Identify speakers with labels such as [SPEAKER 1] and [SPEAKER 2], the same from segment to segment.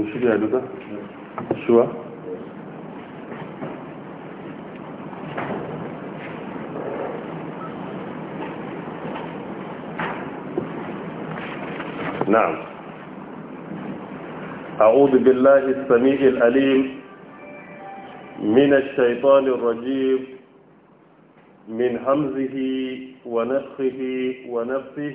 [SPEAKER 1] شو shirya نعم أعوذ بالله السميع الأليم من الشيطان الرجيم من همزه ونفخه ونفسه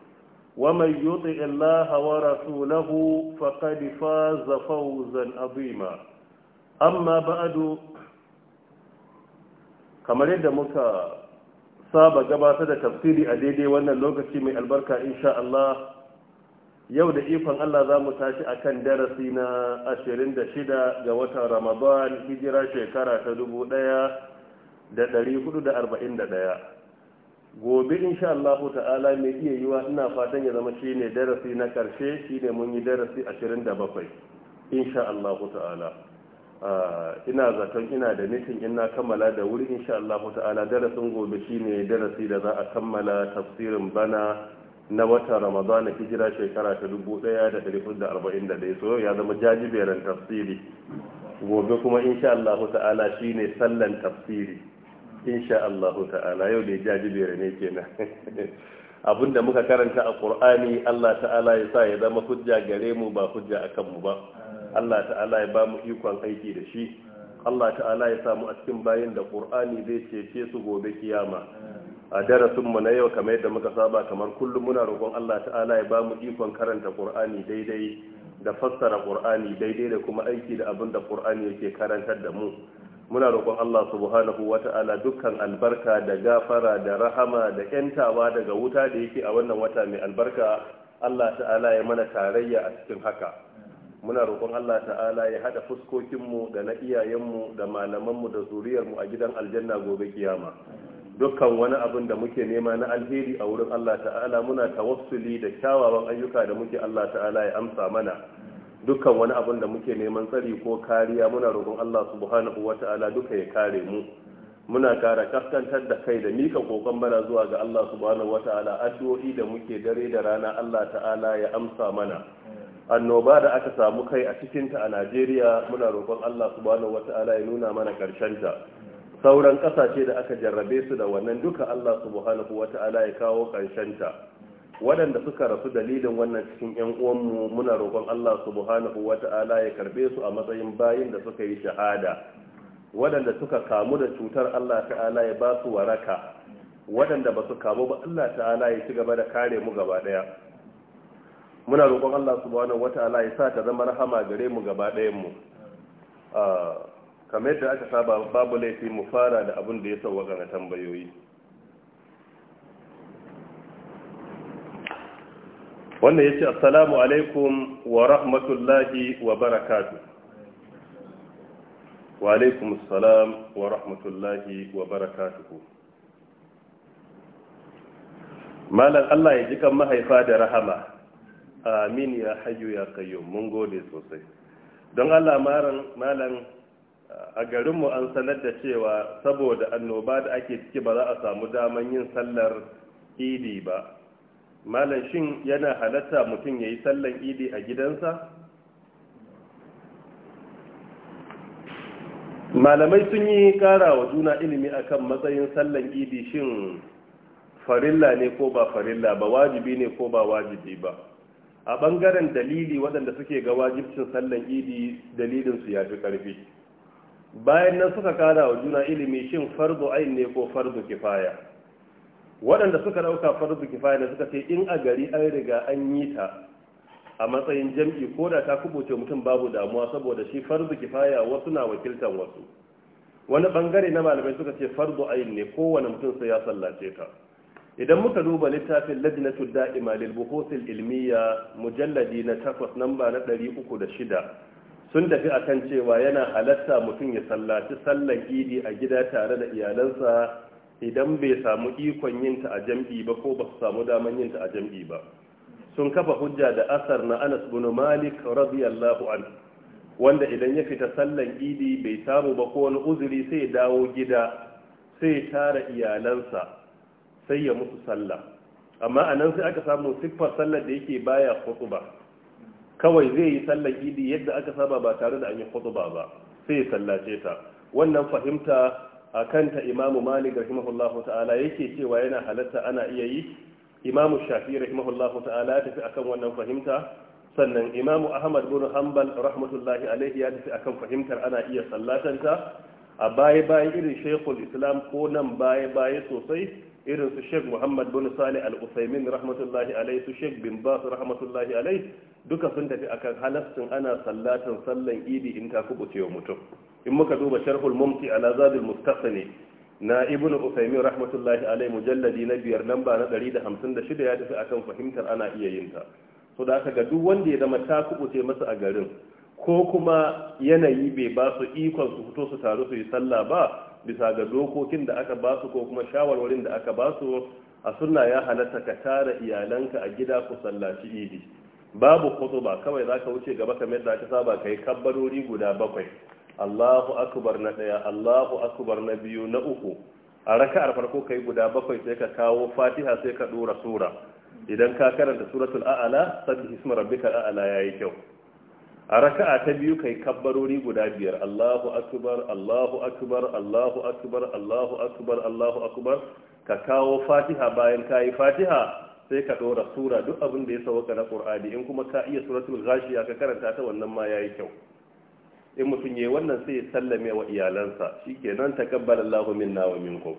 [SPEAKER 1] ومن يطع الله ورسوله فقد فاز فوزا عظيما أما بعد kamar yadda muka saba gabatar da tafsiri a daidai wannan lokaci mai albarka insha yau da ifan Allah za mu tashi a kan darasi na ashirin da shida ga watan Ramadan hijira shekara ta dubu ɗaya da da ɗaya. gobe insha Allah ta'ala mai iya yiwa ina fatan ya zama shi ne darasi na karshe ne mun yi darasi 27 insha Allah ta'ala ah, ina zaton ina da nufin ina kammala da wuri insha Allah ta'ala darasin gobe shi ne darasi da za a kammala tafsirin bana na watan Ramadan hijira shekara ta 1441 so ya zama jajiberin tafsiri gobe kuma insha Allah ta'ala shi ne sallan tafsiri insha Allah ta'ala yau da jajibere ne kenan abinda muka karanta a ƙurani Allah ta'ala ya sa ya zama hujja gare mu ba hujja akan mu ba Allah ta'ala ya ba mu ikon aiki da shi Allah ta'ala ya mu a cikin bayan da ƙur'ani zai cece su gobe kiyama a darasin mu na yau kamar yadda muka saba kamar kullum muna roƙon Allah ta'ala ya ba mu ikon karanta ƙur'ani daidai da fassara ƙur'ani daidai da kuma aiki da abin da ƙur'ani yake karantar da mu muna roƙon Allah subhanahu ta'ala dukkan albarka da gafara da rahama da yantawa daga wuta da yake a wannan wata mai albarka Allah ta'ala ya mana tarayya a cikin haka muna roƙon Allah ta'ala ya hada fuskokinmu da na iyayenmu da malamanmu da zuriyarmu a gidan aljanna gobe kiyama dukkan wani abin da muke nema na alheri a wurin Allah ta'ala muna tawassuli da kyawawan ayyuka da muke Allah ta'ala ya amsa mana dukkan wani abin da muke neman tsari ko kariya muna roƙon Allah subhanahu ta'ala duka ya kare mu muna kara kaskantar da kai da mika kokon bana zuwa ga Allah subhanahu ta'ala addu'o'i da muke dare da rana Allah ta'ala ya amsa mana annoba da aka samu kai a cikin ta a Najeriya muna roƙon Allah subhanahu ta'ala ya nuna mana karshen ta sauran kasashe da aka jarrabe su da wannan duka Allah subhanahu ta'ala ya kawo karshen ta waɗanda suka rasu dalilin wannan cikin 'yan uwanmu muna roƙon Allah subhanahu wa ta'ala ya karbe su a matsayin bayin da suka yi shahada waɗanda suka kamu da cutar Allah ta'ala ya ba su waraka waɗanda ba su kamu ba Allah ta'ala ya ci gaba da kare mu gaba ɗaya muna roƙon Allah subhanahu wa ta'ala ya sa ta zama rahama gare mu gaba ɗayan mu ah, kamar yadda aka saba babu laifi mu fara da abin da ya sauwaka na tambayoyi wannan ya ce assalamu alaikum wa rahmatullahi wa barakatu wa alaikum assalam wa rahmatullahi wa barakatuhu malam Allah ya ji kan mahaifa da rahama amin ya hayu ya kayo mun gode sosai don Allah malam a garinmu an sanar da cewa saboda annoba da ake ciki ba za a samu daman yin sallar idi ba malam shin yana halatta mutum ya yi sallan idi a gidansa malamai sun yi kara wa juna ilimi akan matsayin sallan idi shin farilla ne ko ba farilla ba wajibi ne ko ba wajibi ba a ɓangaren dalili waɗanda suke ga wajibcin sallan idi dalilinsu ya fi ƙarfi bayan nan suka kara wa juna ilimi shin farzo ain ne ko farzo kifaya waɗanda suka ɗauka farzu kifaya da suka ce in a gari an riga an yi ta a matsayin jam'i ko da ta kubuce mutum babu damuwa saboda shi farzu kifaya wasu na wakiltan wasu wani bangare na malamai suka ce farzu ayin ne kowane mutum sai ya sallace ta idan muka duba littafin lajnatu da'ima lil buhusil ilmiya mujalladi na takwas namba na uku da shida sun tafi akan cewa yana halatta mutum ya sallaci sallan idi a gida tare da iyalansa idan bai samu ikon yinta a jam'i ba ko ba su samu daman yinta a jam'i ba sun kafa hujja da asar na Anas bin Malik radiyallahu an wanda idan ya fita sallan idi bai samu ba ko wani uzuri sai dawo gida sai tara iyalansa sai ya musu salla. amma anan sai aka samu siffar sallar da yake baya khutba kawai zai yi sallar idi yadda aka saba ba tare da an yi khutba ba sai ya sallace ta wannan fahimta a kanta imamu malik rahimahullahu ta'ala yake cewa yana halatta ana iya yi
[SPEAKER 2] imamu shafi rahimahullahu ta'ala ya tafi akan wannan
[SPEAKER 1] fahimta sannan imamu ahmad bin hanbal rahmatullahi alaihi ya tafi akan fahimtar ana iya sallatanta a baya bayan irin shekul islam ko nan baya baya sosai irin su sheikh muhammad bin salih al-usaimin rahmatullahi alaihi su sheikh bin bas rahmatullahi alaihi duka sun tafi akan halastin ana sallatan sallan idi in ta kubuce wa mutum in muka duba sharhul mumti ala zadil mustaqsani na ibnu usaimin rahmatullahi alai mujalladi na biyar lamba na 156 ya tafi akan fahimtar ana iya yin ta so da aka ga duk wanda ya zama ta kubuce masa a garin ko kuma yanayi bai ba su ikon su fito su taru su yi sallah ba bisa ga dokokin da aka basu ko kuma shawarwarin da aka basu a sunna ya halatta ka tara iyalanka a gida ku sallaci idi babu khutba kawai zaka wuce gaba kamar yadda aka saba kai kabbarori guda bakwai Allahu akbar na daya Allahu akbar na biyu na uku a raka'ar farko kai guda bakwai sai ka kawo Fatiha sai ka dora sura idan ka karanta suratul a'la sabbihisma rabbikal a'la yayi kyau a raka'a ta biyu kai kabbarori guda biyar Allahu akbar Allahu akbar Allahu akbar Allahu akbar Allahu akbar ka kawo Fatiha bayan kayi Fatiha sai ka dora sura duk abin da ya sauka na Qur'ani in kuma ka iya suratul ghashiya ka karanta ta wannan ma yayi kyau in mutum yayi wannan sai ya sallame wa iyalansa shikenan takabbala Allahu minna wa minkum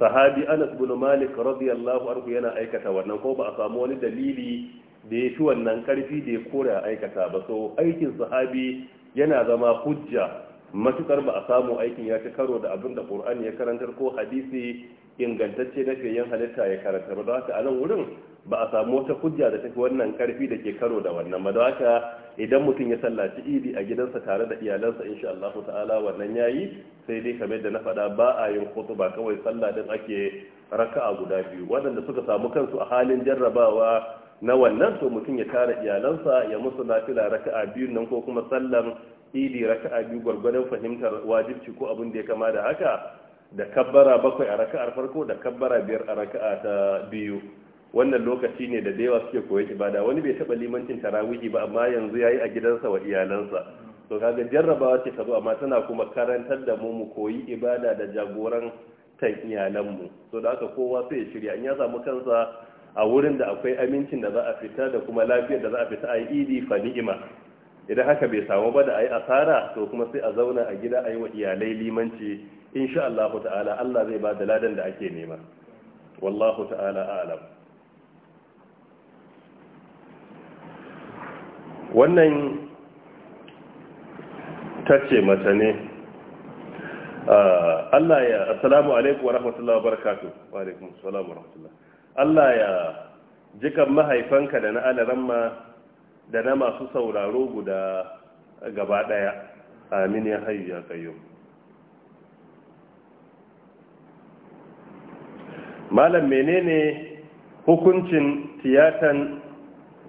[SPEAKER 1] sahabi Anas ibn Malik radiyallahu anhu yana aikata wannan ko ba a samu wani dalili da ya fi wannan karfi da ya kore a aikata ba so aikin sahabi yana zama hujja matukar ba a samu aikin ya ci karo da abin da ƙur'ani ya karantar ko hadisi ingantacce na fiyayyen halitta ya karanta ba za ka a nan wurin ba a samu wata hujja da tafi wannan karfi da ke karo da wannan ba za idan mutum ya sallaci idi a gidansa tare da iyalansa insha Allah ta'ala wannan yayi sai dai kamar da na faɗa ba a yin ba kawai sallah din ake raka'a guda biyu waɗanda suka samu kansu a halin jarrabawa na wannan to mutum ya tara iyalansa ya musu nafila raka'a biyu nan ko kuma sallan idi raka'a biyu gwargwadon fahimtar wajibci ko abin da ya kama da haka da kabbara bakwai a raka'ar farko da kabbara biyar a raka'a ta biyu wannan lokaci ne da dayawa suke koyi ibada wani bai taba limancin tarawihi ba amma yanzu yayi a gidansa wa iyalansa to kaga jarrabawa ce ta zo amma tana kuma karantar da mu mu koyi ibada da jagoran kan iyalanmu so da aka kowa sai ya shirya in ya samu kansa a wurin da akwai amincin da za a fita da kuma lafiyar da za a fita a yi idi fa ni'ima idan haka bai samu ba da a yi asara to kuma sai a zauna a gida a yi wa iyalai limanci insha Allah ta'ala Allah zai ba da ladan da ake nema wallahu ta'ala a'lam wannan tace mace ne ah, Allah ya assalamu alaikum wa rahmatullahi wa barakatuh wa alaikum assalamu wa rahmatullahi Allah ya jikan mahaifanka da na alaramma da na masu sauraro guda gaba daya amin ya hayyu ya kayo. malam menene hukuncin tiyatan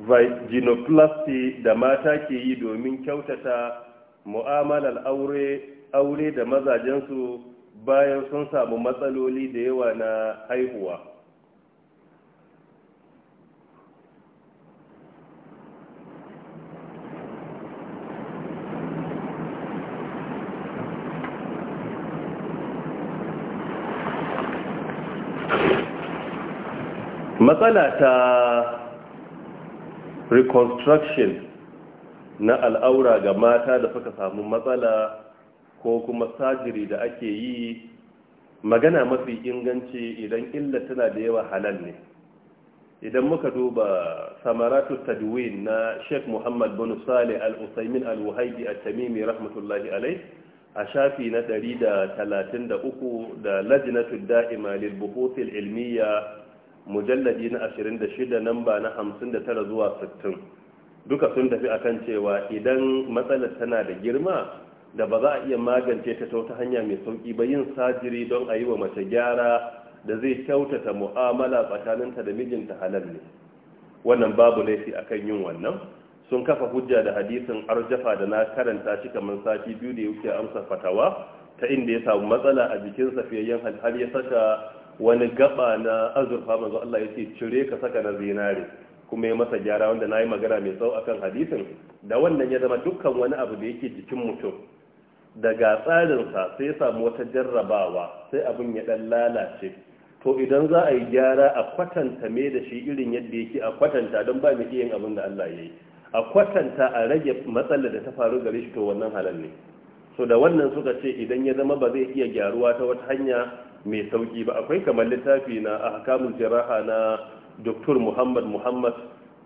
[SPEAKER 1] vaginoplasty da mata ke yi domin kyautata mu'amalar aure aure da mazajensu bayan sun samu matsaloli da yawa na haihuwa matsala ta reconstruction na al'aura ga mata da suka samu matsala ko kuma sajiri da ake yi magana mafi inganci idan illa tana da yawa halal ne idan muka duba samaratu tadwin na sheikh muhammad bin sale al-usaimin al wahidi at-tamimi rahmatullahi alayh a shafi na 133 da lajnatu da'ima lil buhuthil ilmiya ilmiyya mujalladi na 26 namba na 59 zuwa 60 duka sun tafi akan cewa idan matsalar tana da girma da ba za a iya magance ta ta hanya mai sauki ba yin sajiri don a yi wa mace gyara da zai kyautata mu'amala tsakaninta da mijinta halal ne wannan babu laifi akan yin wannan sun kafa hujja da hadisin arjafa da na karanta shi kamar sati biyu da yake amsa fatawa ta inda ya samu matsala a fiye yin har ya saka wani gaba na azurfa manzo Allah ya ce cire ka saka na zinare kuma ya masa gyara wanda na yi magana mai tsawo akan hadisin da wannan ya zama dukkan wani abu da yake jikin mutum daga tsarinsa sai ya samu wata jarrabawa sai abin ya dan lalace to idan za a yi gyara a kwatanta me da shi irin yadda yake a kwatanta don ba mu iya yin abin da Allah ya yi a kwatanta a rage matsalar da ta faru gare shi to wannan halal ne so da wannan suka ce idan ya zama ba zai iya gyaruwa ta wata hanya mai sauki ba akwai kamar littafi na ahkamul jiraha na Dr. Muhammad Muhammad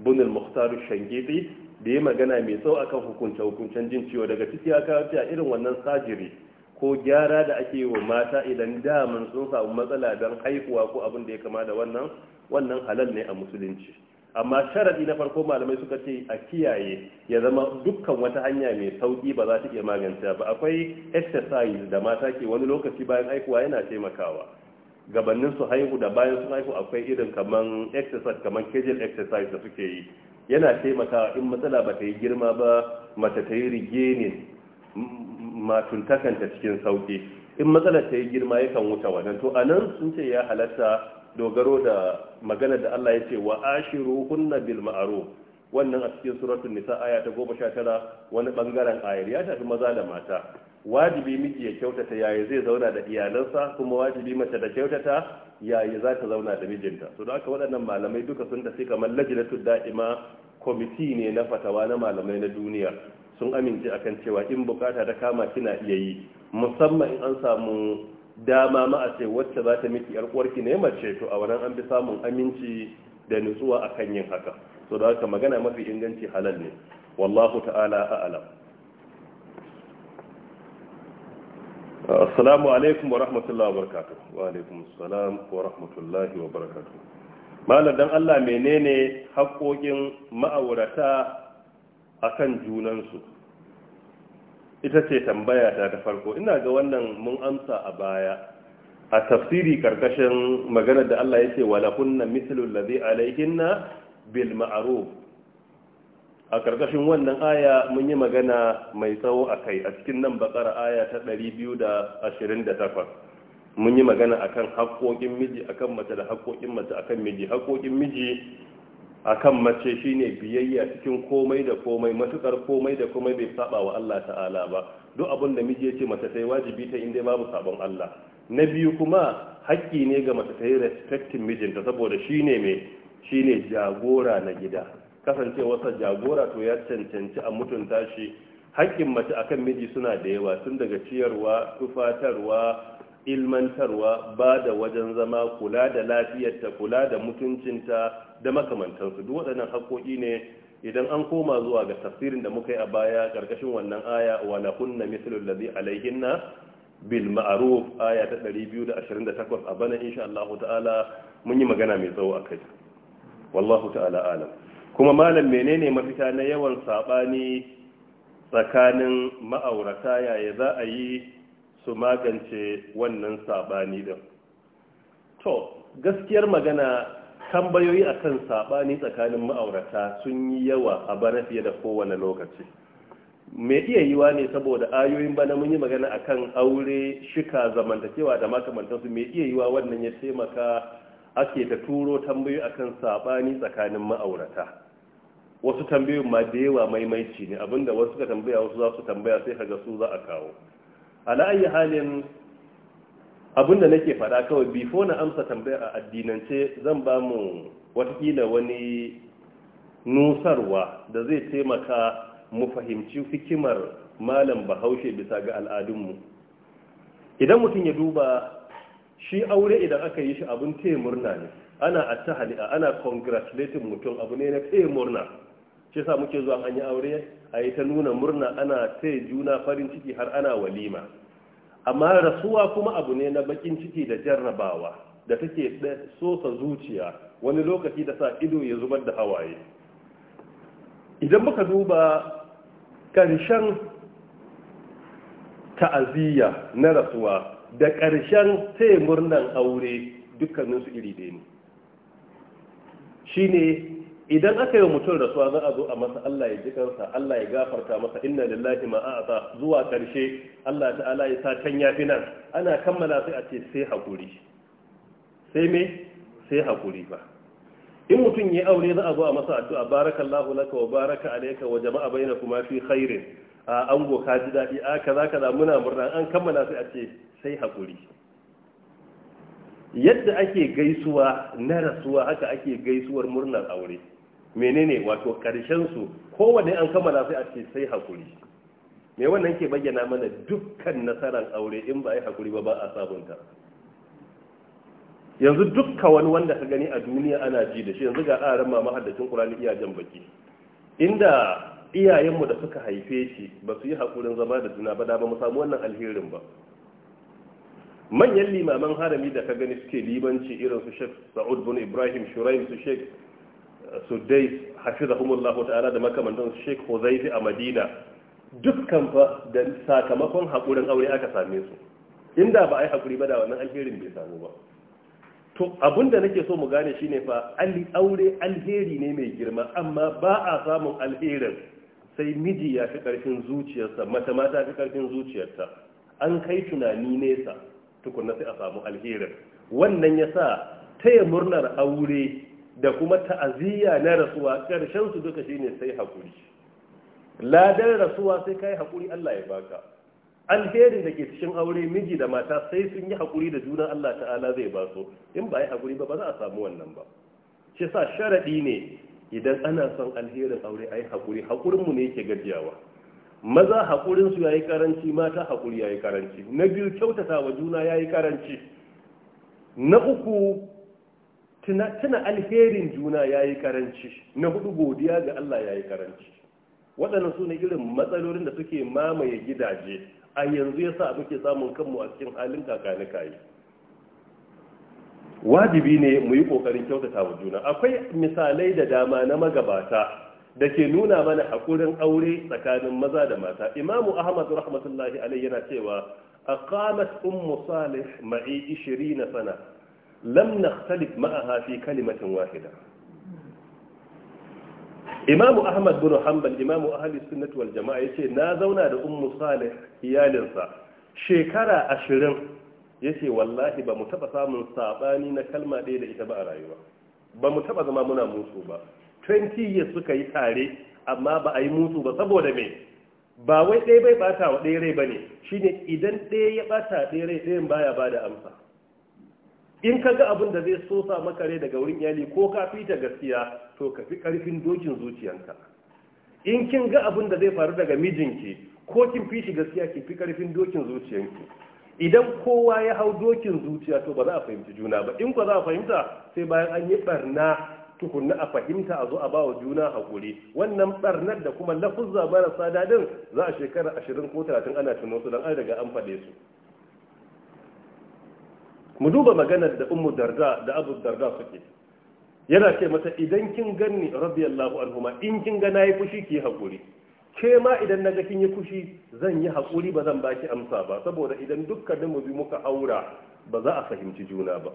[SPEAKER 1] Bunul Mukhtar Shangidi da ya magana mai tsawo akan hukunce hukuncen jin ciwo daga ciki ya kawo a irin wannan sajiri ko gyara da ake yi wa mata idan daman sun samu matsala don haihuwa ko abin da ya kama da wannan wannan halal ne a musulunci amma sharadi na farko malamai suka ce a kiyaye ya zama dukkan wata hanya mai sauki ba za ta iya magance ba akwai exercise da mata ke wani lokaci bayan aikuwa yana taimakawa gabanin su haihu da bayan su haihu akwai irin kaman exercise kaman kegel exercise da suke yi yana taimakawa in matsala ba ta yi girma ba mace ta yi rigenin matuntakanta cikin sauki in matsala ta yi girma yakan wuce wannan to anan sun ce ya halatta dogaro da magana da Allah ya ce wa ashiru hunna bil ma'ruf wannan a cikin suratul nisa aya ta 19 wani bangaren ayar ya tafi maza da mata wajibi miji ya kyautata yayi zai zauna da iyalansa kuma wajibi mace da kyautata yayi za ta zauna da mijinta to da aka waɗannan malamai duka sun tafi kamar lajnatud da'ima kwamiti ne na fatawa na malamai na duniya sun amince akan cewa in bukata ta kama kina iya yi musamman in an samu dama ma a ce wacce za ta miki yar uwarki ne mace to a wannan an bi samun aminci da nutsuwa akan yin haka so da haka magana mafi inganci halal ne wallahu ta'ala a'lam assalamu alaikum wa rahmatullahi wa barakatuh wa alaikum assalam wa rahmatullahi wa barakatuh malam dan Allah menene haƙoƙin ma'aurata akan junansu ita ce tambaya ta ta farko ina ga wannan mun amsa a baya a tafsiri karkashin maganar da Allah yake wala kunna mithlu allazi alayhinna bil ma'ruf a karkashin wannan aya mun yi magana mai tsawo akai a cikin nan bakara aya ta 228 mun yi magana akan haƙoƙin miji akan mace da haƙoƙin mace akan miji haƙoƙin miji akan mace shine biyayya cikin komai da komai matukar komai da komai bai saba wa Allah ta'ala ba duk abin da miji yace mace yi wajibi ta inda babu sabon Allah na biyu kuma haƙƙi ne ga mace yi respecting mijinta saboda shine me shine jagora na gida kasancewarsa jagora to ya cancanci a mutunta shi haƙƙin mace akan miji suna da yawa tun daga ciyarwa tufatarwa ilmantarwa ba da wajen zama kula da lafiyarta kula da mutuncinta da makamantansu duk waɗannan haƙoƙi ne idan an koma zuwa ga tafsirin da muka yi a baya ƙarƙashin wannan aya wa kunna mithlu allazi alaihinna bil ma'ruf aya ta 228 a bana insha Allah ta'ala mun yi magana mai tsawo akai wallahu ta'ala alam kuma malam menene mafita na yawan sabani tsakanin ma'aurata yaya za a yi su magance wannan saɓani din to gaskiyar magana tambayoyi akan saɓani tsakanin ma'aurata sun yi yawa a bana fiye da kowane lokaci mai iya yiwa ne saboda ayoyin bana mun yi magana akan aure shika zamantakewa da makamantansu mai iya yiwa wannan ya taimaka ake ta turo tambayoyi akan saɓani tsakanin ma'aurata wasu tambayoyin ma da yawa maimaici ne abinda wasu ka tambaya wasu za su tambaya sai kaga su za a kawo ala ayi halin abinda nake faɗa kawai bifo na amsa tambaya a addinance zan ba mu watakila wani nusarwa da zai taimaka mu fahimci hikimar malam bahaushe bisa ga al'adunmu idan mutum ya duba shi aure idan aka yi shi abin taya murna ne ana hali'a, ana congratulating mutum abu ne na taya murna shi sa muke zuwa an yi aure a yi ta nuna murna ana taya juna farin ciki har ana walima amma rasuwa kuma abu ne na bakin ciki da jarrabawa da take sosa zuciya wani lokaci da sa ido ya zubar da hawaye idan muka duba ƙarshen ta'aziyya na rasuwa da ƙarshen taya murnan aure dukkaninsu iri ɗaya ne shi idan aka yi mutum rasuwa za a zo a masa Allah ya ji kansa Allah ya gafarta masa inna lillahi ma a'ata zuwa karshe Allah ta'ala ya sa can yafi nan ana kammala sai a ce sai hakuri sai me sai hakuri ba in mutum ya aure za a zo a masa addu'a barakallahu laka wa baraka alayka wa jama'a bainakum fi khairin a ango ka ji dadi a kaza kaza muna murna an kammala sai a ce sai hakuri yadda ake gaisuwa na rasuwa haka ake gaisuwar murnar aure menene wato karshen su kowanne an kammala sai a ce sai hakuri me wannan ke bayyana mana dukkan nasarar aure in ba a yi hakuri ba ba a sabunta yanzu dukka wani wanda ka gani a duniya ana ji da shi yanzu ga ƙarar ma mahaddacin Qur'ani iya jan baki inda iyayenmu da suka haife shi ba su yi hakurin zama da juna ba da ba mu samu wannan alherin ba manyan limaman harami da ka gani suke limanci irin su Sheikh Sa'ud bin Ibrahim Shuraim su Sheikh sudais hafizahumullah ta'ala da makamantan sheikh huzaifi a madina dukkan fa da sakamakon haƙurin aure aka same su inda ba a yi haƙuri ba da wannan alherin bai samu ba to abinda nake so mu gane shine fa aure alheri ne mai girma amma ba a samun alherin sai miji ya fi ƙarfin zuciyarsa mata mata fi ƙarfin zuciyarta an kai tunani nesa tukunna sai a samu alherin wannan yasa sa taya murnar aure da kuma ta'aziyya na rasuwa karshen su duka shine sai hakuri ladan rasuwa sai kai hakuri Allah ya baka alherin da ke cikin aure miji da mata sai sun yi hakuri da juna Allah ta'ala zai ba su in ba yi hakuri ba ba za a samu wannan ba shi sa sharadi ne idan ana son alherin aure ai hakuri hakurin mu ne yake gajiyawa maza hakurin su yayi karanci mata hakuri yayi karanci na biyu kyautata wa juna yayi karanci na uku tuna alherin juna ya yi karanci na hudu godiya ga Allah ya yi karanci waɗannan su ne irin matsalolin da suke mamaye gidaje a yanzu ya sa muke samun kanmu a cikin halin kakanika yi wajibi ne mu yi ƙoƙarin kyautata wa juna akwai misalai da dama na magabata da ke nuna mana haƙurin aure tsakanin maza da mata imamu ahmad rahmatullahi alai yana cewa a qamat ummu salih ma'i 20 sana lam nakhtalif ma'aha fi kalimatin wahida Imam Ahmad bin Hanbal Imam Ahli Sunnah wal Jama'a yace na zauna da Ummu Salih iyalinsa shekara 20 yace wallahi ba mu taba samun sabani na kalma ɗaya da ita ba a rayuwa ba mu taba zama muna musu ba 20 years suka yi tare amma ba a yi musu ba saboda me ba wai ɗaya bai bata wa ɗaya rai bane shine idan ɗaya ya bata ɗaya rai ɗayan baya bada amsa in ka ga abin da zai sosa maka rai daga wurin iyali ko ka fi ta gaskiya to ka fi karfin dokin zuciyanka in kin ga abin da zai faru daga mijinki ko kin fi shi gaskiya ki fi karfin dokin zuciyanki idan kowa ya hau dokin zuciya to ba za a fahimci juna ba in ko za a fahimta sai bayan an yi barna tukunna a fahimta a zo a bawa juna hakuri wannan barnar da kuma lafuzza marasa dadin za a shekara ashirin ko talatin ana tuno su don an riga an faɗe su mu duba maganar da ummu darda da abu darda suke yana ce mata idan kin ganni radiyallahu anhuma in kin ga nayi fushi ki hakuri ke ma idan naga kin yi fushi zan yi hakuri ba zan baki amsa ba saboda idan dukkanin mu bi muka aura ba za a fahimci juna ba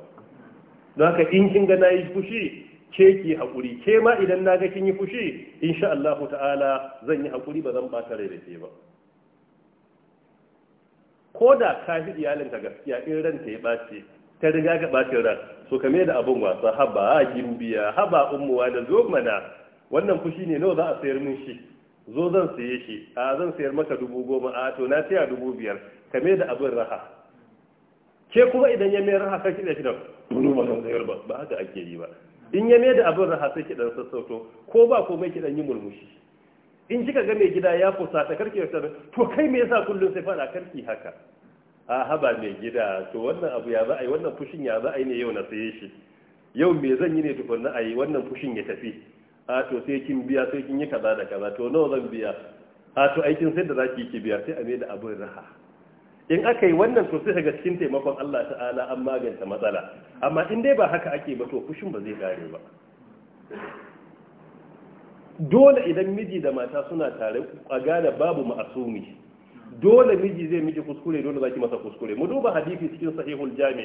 [SPEAKER 1] don haka in kin ga nayi fushi ke ki hakuri ke ma idan naga kin yi fushi insha Allah ta'ala zan yi hakuri ba zan bata rai da ke ba ko da kafi fi iyalinka gaskiya in ranta ya bace ta riga ga bacin ran so kame da abin wasa haba gimbiya haba ummuwa da zo mana wannan fushi ne nawa za a sayar min shi zo zan saye shi a zan sayar maka dubu goma a to na saya dubu biyar kame da abin raha ke kuma idan ya mayar raha sai kiɗa shi nan bunu ba zan sayar ba ba haka ake yi ba in ya mayar da abin raha sai kiɗan sassauto ko ba komai kiɗan yi murmushi in kika ga mai gida ya fusata karki ya to kai me yasa kullum sai faɗa karki haka a haba mai gida to wannan abu ya za a yi wannan fushin ya za a yi ne yau na saye shi yau me zan yi ne tukunna a yi wannan fushin ya tafi a to sai kin biya sai kin yi kaza da kaza to nawa zan biya a to aikin sai da za ki ki biya sai a mai da abin raha in aka yi wannan to sai ga cikin taimakon Allah ta'ala an magance matsala amma in dai ba haka ake ba to fushin ba zai kare ba dole idan miji da mata suna tare a gane babu ma'asumi dole miji zai miji kuskure dole zaki masa kuskure mu duba hadisi cikin sahihul jami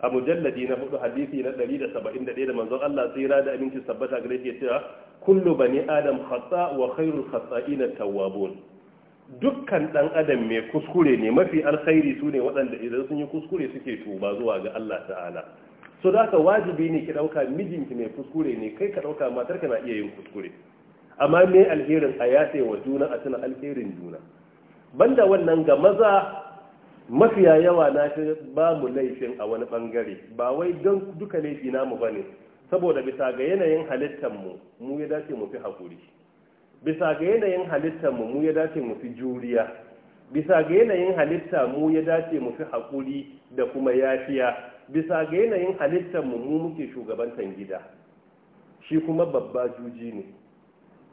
[SPEAKER 1] a mujalladi na hudu hadisi na 171 da manzon Allah tsira da aminci sabbata gare shi cewa kullu bani adam khata wa khairul khata'ina tawwabun dukkan dan adam mai kuskure ne mafi alkhairi sune waɗanda idan sun yi kuskure suke tuba zuwa ga Allah ta'ala so da ka wajibi ne ki dauka mijinki mai kuskure ne kai ka dauka matarka na iya yin kuskure amma me alherin a yace wa juna a tuna alherin juna banda wannan ga maza mafiya yawa na shi ba mu laifin a wani bangare ba wai don duka laifi namu ba ne saboda bisa ga yanayin halittar mu ya dace mu fi haƙuri bisa ga yanayin halittar mu ya dace mu fi juriya bisa ga yanayin halitta mu ya dace mu fi haƙuri da kuma yafiya bisa ga yanayin halittar mu muke shugabantan gida shi kuma babba juji ne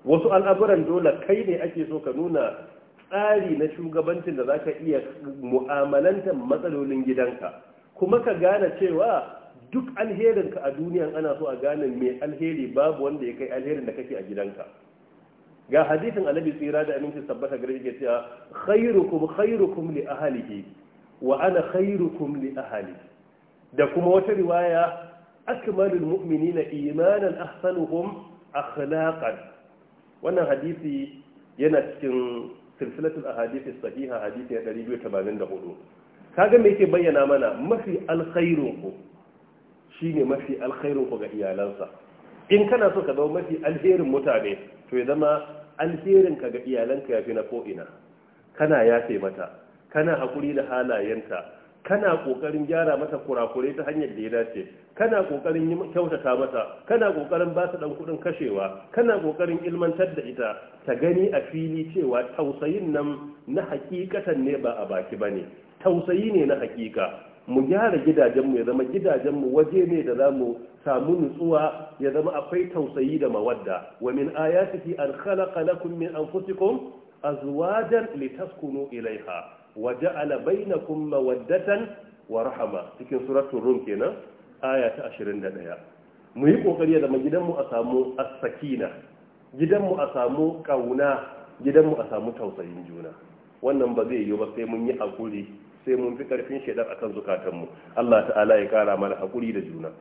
[SPEAKER 1] wasu al'amuran dole kai ne ake so ka nuna tsari na shugabancin da za ka iya mu'amalantar matsalolin gidanka kuma ka gane cewa duk alherinka a duniyan ana so a gane mai alheri babu wanda ya kai alherin da kake a gidanka ga hadisin Alabi tsira da aminci sabbata gari ke cewa khairukum khairukum li ahalihi wa ana khairukum li da kuma wata riwaya akmalul mu'minina imanan ahsanuhum akhlaqan wannan hadisi yana cikin silsilatul ahadith sahiha hadisi 284 kaga me yake bayyana mana mafi alkhairun ku shine mafi alkhairun ku ga iyalansa in kana so ka zama mafi alherin mutane to ya zama alherin ka ga iyalanka yafi na ko ina kana yafe mata kana hakuri da halayenta kana kokarin gyara mata kurakurai ta hanyar da ya dace kana kokarin kyautata masa kana kokarin ba ta dan kudin kashewa kana kokarin ilmantar da ita ta gani a fili cewa tausayin nan na hakikatan ne ba a baki bane tausayi ne na hakika mu gyara gidajenmu ya zama gidajen mu waje ne da za mu samu nutsuwa ya zama akwai tausayi da mawadda wa min ayatihi an khalaqa lakum min anfusikum azwajan litaskunu ilaiha wa ja'ala bainakum mawaddatan wa rahama cikin suratul rum kenan aya ta 21 mu yi kokari ya zama gidanmu a samu as-sakina gidanmu a samu kauna mu a samu tausayin juna wannan ba zai yiwu ba sai mun yi hakuri sai mun fi karfin shaidar akan mu. Allah ta'ala ya kara mana hakuri da juna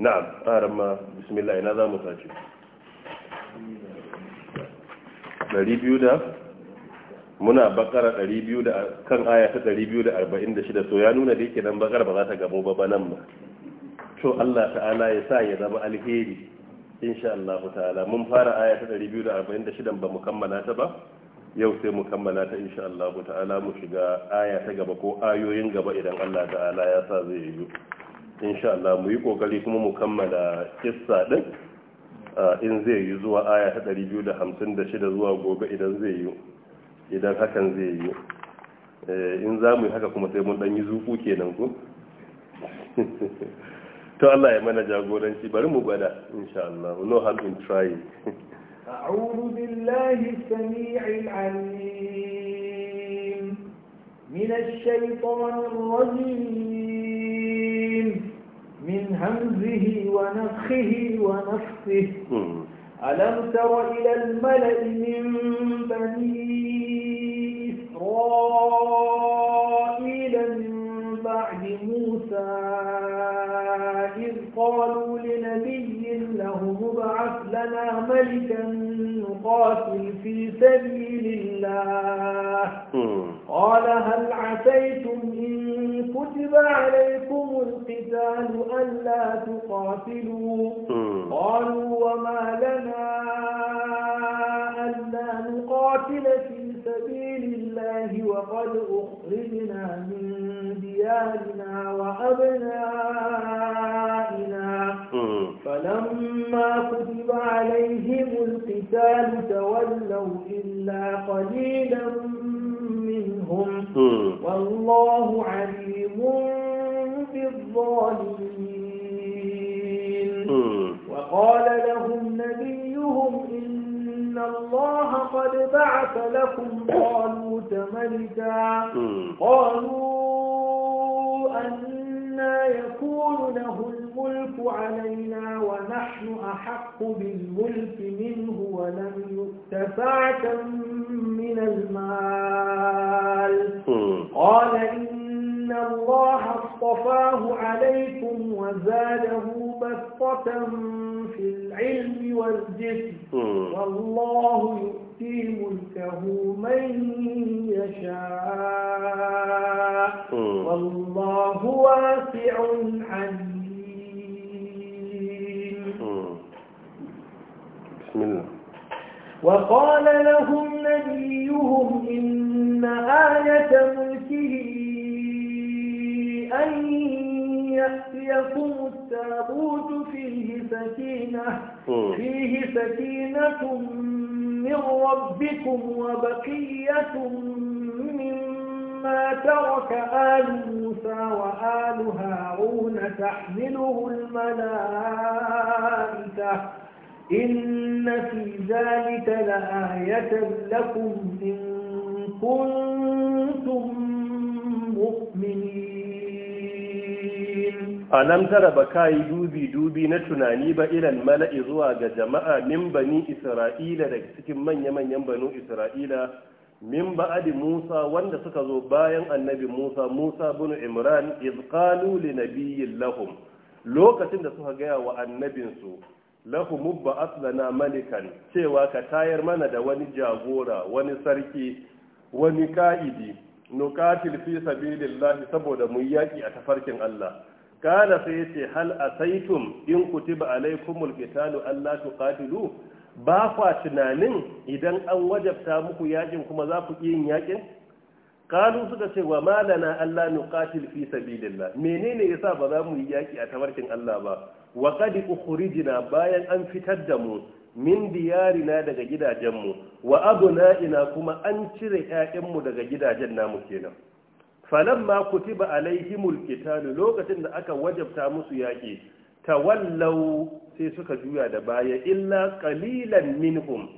[SPEAKER 1] na'am arama bismillah ina za mu tashi 200 muna bakara 200 kan aya ta 246 to ya nuna da yake nan bakara ba za ta gabo ba nan ba to Allah ta'ala ya sa ya zama alheri insha Allah ta'ala mun fara aya ta 246 ba mu kammala ta ba yau sai mu kammala ta insha Allah ta'ala mu shiga aya ta gaba ko ayoyin gaba idan Allah ta'ala ya sa zai yi insha Allah mu yi kokari kuma mu kammala kissa din in zai yi zuwa aya ta 256 zuwa gobe idan zai yi idan hakan zai yi eh, in za mu yi haka kuma sai mun ɗanyi zuku kenan ku to Allah ya mana jagoranci bari mu gwada insha Allah no harm in trying
[SPEAKER 2] أعوذ بالله السميع العليم من الشيطان الرجيم من همزه ونفخه ونفسه ألم تر إلى الملأ من بني لنا ملكا نقاتل في سبيل الله
[SPEAKER 1] قال هل
[SPEAKER 2] عسيتم إن كتب عليكم القتال ألا تقاتلوا قالوا وما لنا ألا نقاتل في سبيل الله وقد أخرجنا من ديارنا وأبنائنا فلما كتب عليهم القتال تولوا إلا قليلا منهم والله عليم بالظالمين وقال لهم نبيهم إن الله قد بعث لكم قالوا ملكا قالوا أن أنا يكون له الملك علينا ونحن أحق بالملك منه ولم يؤت من المال قال إن إن الله اصطفاه عليكم وزاده بسطة في العلم والجسم والله يؤتي ملكه من يشاء والله واسع عليم
[SPEAKER 1] بسم الله وقال
[SPEAKER 2] لهم نبيهم إن آية ملكه أن يأتيكم التابوت فيه سكينة فيه سكينة من ربكم وبقية مما ترك آل موسى وآل هارون تحمله الملائكة إن في ذلك لآية لكم إن كنتم مؤمنين
[SPEAKER 1] alam tara ba ka yi dubi-dubi na tunani ba ilan mala'i zuwa ga jama'a min bani isra'ila daga cikin manya-manyan banu isra'ila min ba'adi musa wanda suka zo bayan annabi musa musa bin imran izqalu li nabiyyin lahum lokacin da suka gaya wa annabinsu lahum mubba'at lana malikan cewa ka tayar mana da wani jagora wani sarki wani ka'idi nukatil fi sabilillahi saboda mu yaki a tafarkin Allah kala sai ce hal asaitum in kutiba alaikumul qitalu alla tuqatilu ba kwa tunanin idan an wajabta muku yakin kuma za ku yin yakin kalu suka ce wa malana alla nuqatil fi sabilillah menene yasa ba za mu yi yaki a tabarkin Allah ba wa qad ukhrijna bayan an fitar da mu min diyarina daga gidajenmu wa ina kuma an cire mu daga gidajen namu kenan falamma kutiba alaihimul qitalu lokacin da aka wajabta musu yaki tawallau sai suka juya da baya illa qalilan minhum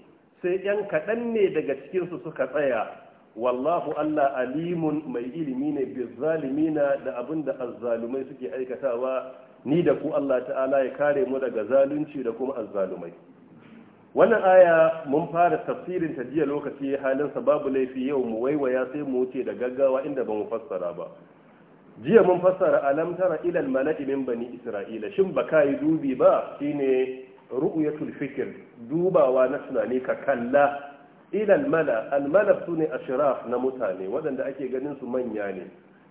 [SPEAKER 1] sai yan kadan ne daga cikin su suka tsaya wallahu Allah alimun mai ilimi ne bizzalimina da abinda azzalumai suke aikatawa ni da ku Allah ta'ala ya kare mu daga zalunci da kuma azzalumai wannan aya mun fara tafsirin ta jiya lokaci halinsa babu laifi yau mu waiwaya sai mu wuce da gaggawa inda ba fassara ba jiya mun fassara alam tara ila al min bani isra'ila shin ba kai dubi ba shine ru'yatul fikr dubawa na tunani ka kalla ila al-mala al-mala sune ashraf na mutane waɗanda ake ganin su manya ne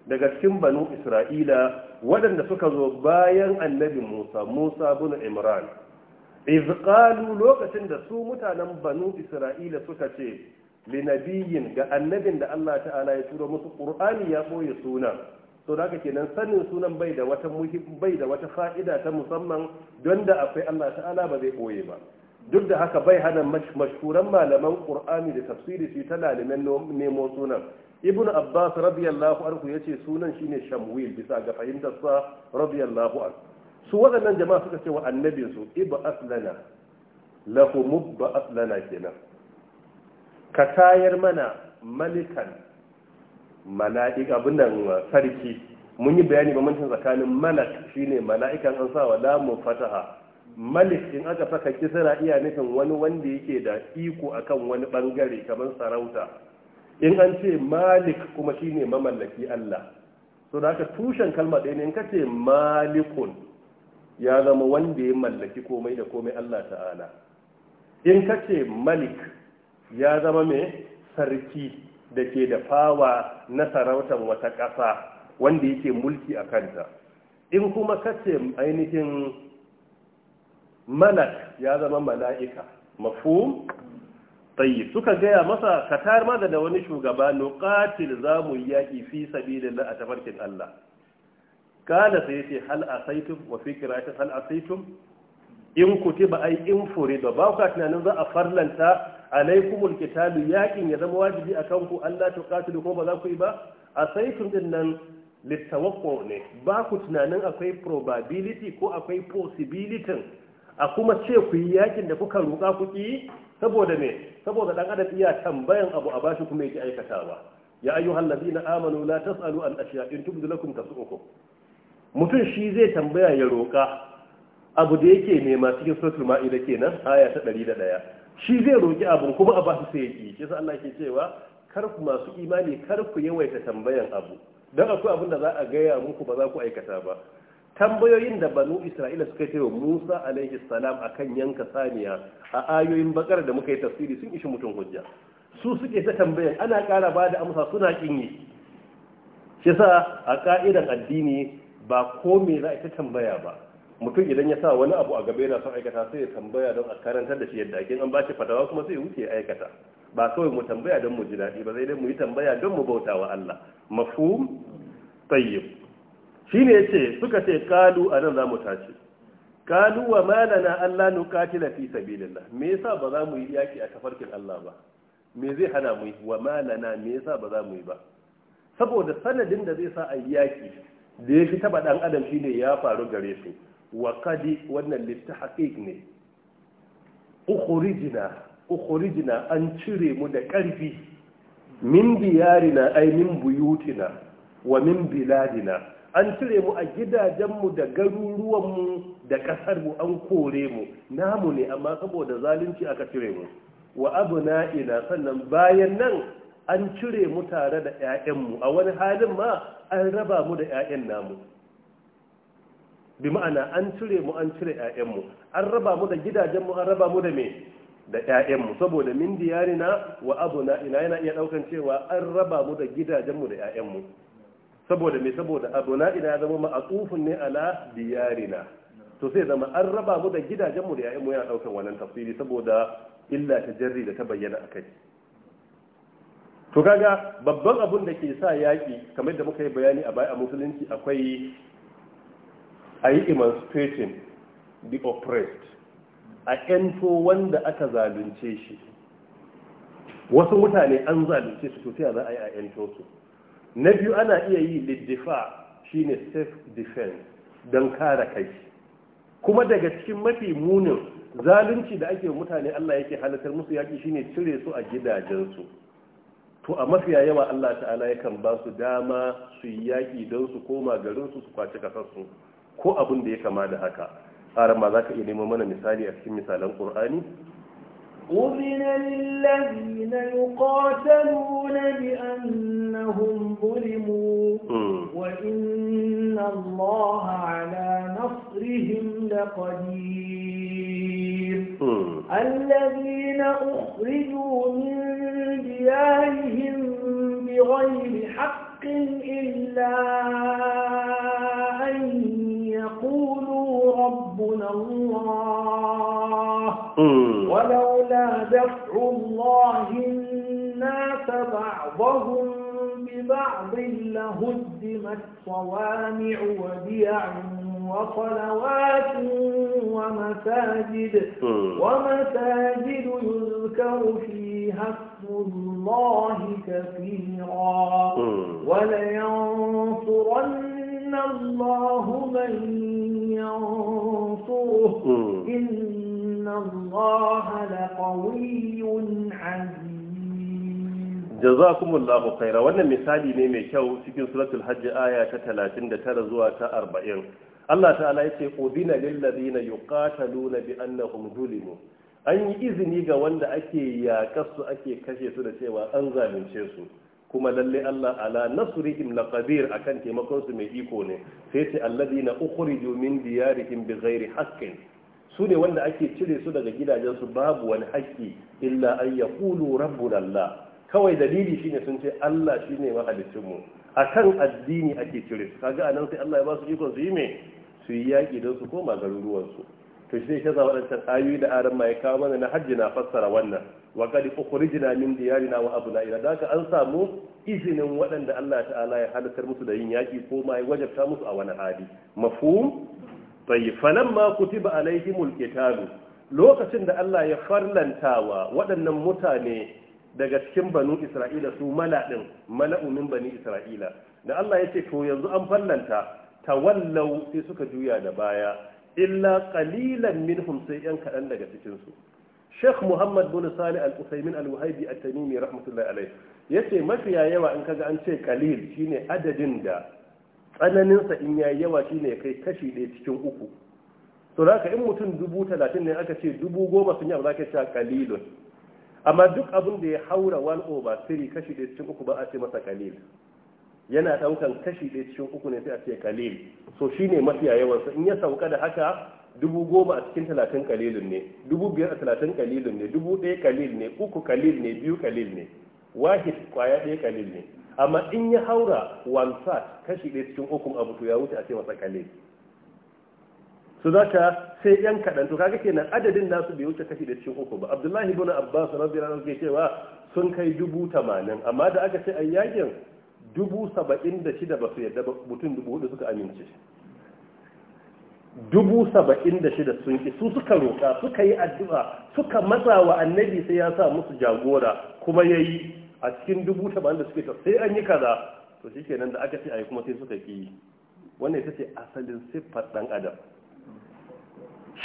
[SPEAKER 1] daga cikin banu isra'ila waɗanda suka zo bayan annabi musa musa bin imran izqalu lokacin da su mutanen banu isra'ila suka ce linabiyin ga annabin da Allah ta'ala ya tura musu qur'ani ya boye sunan to da haka kenan sanin sunan bai da wata bai da wata fa'ida ta musamman don da akwai Allah ta'ala ba zai boye ba duk da haka bai hana mashhuran malaman qur'ani da tafsiri su ta lalimin nemo sunan ibnu abbas radiyallahu anhu yace sunan shine shamwil bisa ga fahimtar sa radiyallahu anhu su waɗannan jama'a suka ce wa annabin su iba aslana lahu mubba aslana kenan ka tayar mana malikan mala'ik nan sarki mun yi bayani ba mancin tsakanin malak shine mala'ikan an sa wa lamun fataha malik in aka saka kisra iya nufin wani wanda yake da iko akan wani bangare kamar sarauta in an ce malik kuma shine mamallaki Allah so da haka tushen kalma ɗaya ne in ka ce malikun ya zama wanda ya mallaki komai da komai Allah ta'ala in kace malik ya zama mai sarki da ke da fawa na sarautar wata ƙasa wanda yake mulki a kanta in kuma kace ainihin malak ya zama mala'ika mafhum tsayi suka gaya masa ka tayar ma da wani shugaba nuqatil zamu yaƙi fi sabilillah a tafarkin Allah kala sai yace hal asaitum wa fi qira'atin hal asaitum in kutiba ay in furida ba ku tunanin za a farlanta alaikumul qitalu yakin ya zama wajibi akan ku Allah ta katilu ko ba za ku yi ba asaitum din nan littawakko ne ba ku tunanin akwai probability ko akwai possibility a kuma ce ku yi yakin da kuka roƙa ku yi saboda me saboda dan adam iya tambayan abu a bashi kuma yake aikatawa ya ayyuhal ladina amanu la tasalu an ashiya in tubdu lakum tasu'ukum mutum shi zai tambaya ya roƙa abu da yake nema cikin suratul ma'ida kenan aya ta ɗaya. shi zai roƙi abu kuma a ba su sai yake shi Allah ke cewa karku masu imani kar ku yawaita tambayan abu Don akwai abin da za a gaya muku ba za ku aikata ba tambayoyin da banu isra'ila suka ce wa musa alaihi salam akan yanka saniya a ayoyin bakar da muka yi tafsiri sun ishi mutum hujja su suke ta tambayan ana kara ba da amsa suna kinyi shi sa a ka'idan addini ba ko me za a ta tambaya ba mutum idan ya sa wani abu a gaba yana son aikata sai ya tambaya don a karantar da shi yadda ake an shi fatawa kuma sai ya wuce aikata ba kawai mu tambaya don mu ji daɗi ba sai dai mu yi tambaya don mu bauta wa Allah mafhum tayyib ne yace suka ce kalu anan zamu tashi kalu wa malana Allah nuqatila fi sabilillah me yasa ba za mu yi yaki a tafarkin Allah ba me zai hana mu wa malana me yasa ba za mu yi ba saboda sanadin da zai sa a yi yaki da ya fi taba dan adam shine ya faru gare su wa kadi wannan littahaqiq ne ukhrijna ukhrijna an cire mu da karfi min diyarina ay min buyutina wa min biladina an cire mu a gidajenmu da garuruwanmu da ƙasarmu an kore mu namu ne amma saboda zalunci aka cire mu wa abu na'ina sannan bayan nan an cire mu tare da 'ya'yanmu a wani halin ma an raba mu da 'ya'yan namu bi ma'ana an cire mu an cire 'ya'yanmu an raba mu da gidajenmu an raba mu da me da 'ya'yanmu saboda min diyarina wa abuna ina yana iya daukan cewa an raba mu da gidajenmu da 'ya'yanmu saboda me saboda abuna ina ya zama ma'atufun ne ala diyarina to sai zama an raba mu da gidajenmu da 'ya'yanmu yana daukan wannan tafsiri saboda illa ta jarri da ta bayyana akai to kaga babban abun da ke sa yaƙi kamar da muka yi bayani a baya a musulunci akwai a yi emancipating the oppressed a yanto wanda aka zalunce shi wasu mutane an zalunce su to za a yi a ƴanto su na biyu ana iya yi liddifa shine self defense don kare kai kuma daga cikin mafi munin zalunci da ake mutane Allah yake halittar musu yaƙi shine cire su a gidajensu to a mafiya yawa Allah ta'ala yakan ba su dama su yi yaƙi don su koma garinsu su kwaci kasarsu ko abin da ya kama da haka aran ma za ka iya nemo mana misali a cikin misalan ƙur'ani أذن
[SPEAKER 2] للذين يقاتلون بأنهم ظلموا hmm. وإن الله على نصرهم لقدير الذين أخرجوا من ديارهم بغير حق إلا أن يقولوا ربنا الله ولولا دفع الله الناس بعضهم ببعض لهدمت صوامع وبيع وصلوات ومساجد ومساجد يذكر فيها اسم الله كثيرا ولينصرن الله من ينصره إن الله لقوي عزيز
[SPEAKER 1] jazakumullahu khaira wannan misali ne mai kyau cikin suratul hajj aya ta 39 zuwa ta 40 Allah ta'ala yace udina lil ladina yuqataluna bi annahum zulimu an yi izini ga wanda ake yakar su ake kashe su da cewa an zalunce su kuma lalle Allah ala nasrihim laqadir akan taimakon su mai iko ne sai ce alladina ukhriju min diyarihim ghairi haqqin su ne wanda ake cire su daga gidajen su babu wani haƙƙi illa an yaqulu ƙulu kawai dalili shine sun ce Allah shine mahalicinmu a kan addini ake cire su kaga anan sai Allah ya ba su iko su yi mai su yi yaƙi don su koma garuruwansu to shi ne shi waɗancan ayoyi da aran ma ya kawo mana na hajji na fassara wannan wa qad ukhrijna min diyarina wa abna'ina da daga an samu izinin waɗanda Allah ta'ala ya halittar musu da yin yaƙi ko ma ya wajabta musu a wani hali mafhum tayyib a laifi alaihimul qitalu lokacin da Allah ya farlantawa waɗannan mutane daga cikin banu Isra'ila su mala'in mala'u min bani Isra'ila da Allah ya ce to yanzu an fallanta tawallau sai suka juya da baya illa qalilan minhum sai yan kadan daga cikin su Sheikh Muhammad bin Salih Al-Usaymin Al-Wahibi At-Tamimi rahmatullahi ya yace mafi yawa in kaga an ce qalil shine adadin da tsananin sa in yayi yawa shine kai kashi ɗaya cikin uku to zaka in mutum dubu talatin ne aka ce dubu goma sun yi zaka ce qalilun amma duk abin da ya haura 1 over 3 kashi ɗaya cikin uku ba a ce masa qalil yana daukan kashi ɗaya cikin uku ne sai a ce kalil so shine mafiya yawan in ya sauka da haka dubu goma a cikin talatin kalilun ne dubu biyar a talatin kalilun ne dubu ɗaya kalil ne uku kalil ne biyu kalil ne wahid kwaya ɗaya kalil ne amma in ya haura wansa kashi ɗaya cikin uku abu to ya wuce a ce masa kalil su za ka sai yan kaɗan to kaga kenan adadin nasu bai wuce kashi ɗaya cikin uku ba abdullahi bin abbas rabbi anhu ke cewa sun kai dubu tamanin amma da aka ce a yakin dubu saba'in da shida ba su yadda mutum dubu hudu suka amince dubu saba'in da shida sun ki su suka roƙa suka yi addu'a suka matsa wa annabi sai ya sa musu jagora kuma ya yi a cikin dubu saba'in da suke sai an yi kaza to shi kenan da aka ce a yi kuma sai suka ki wannan ita ce asalin siffar ɗan adam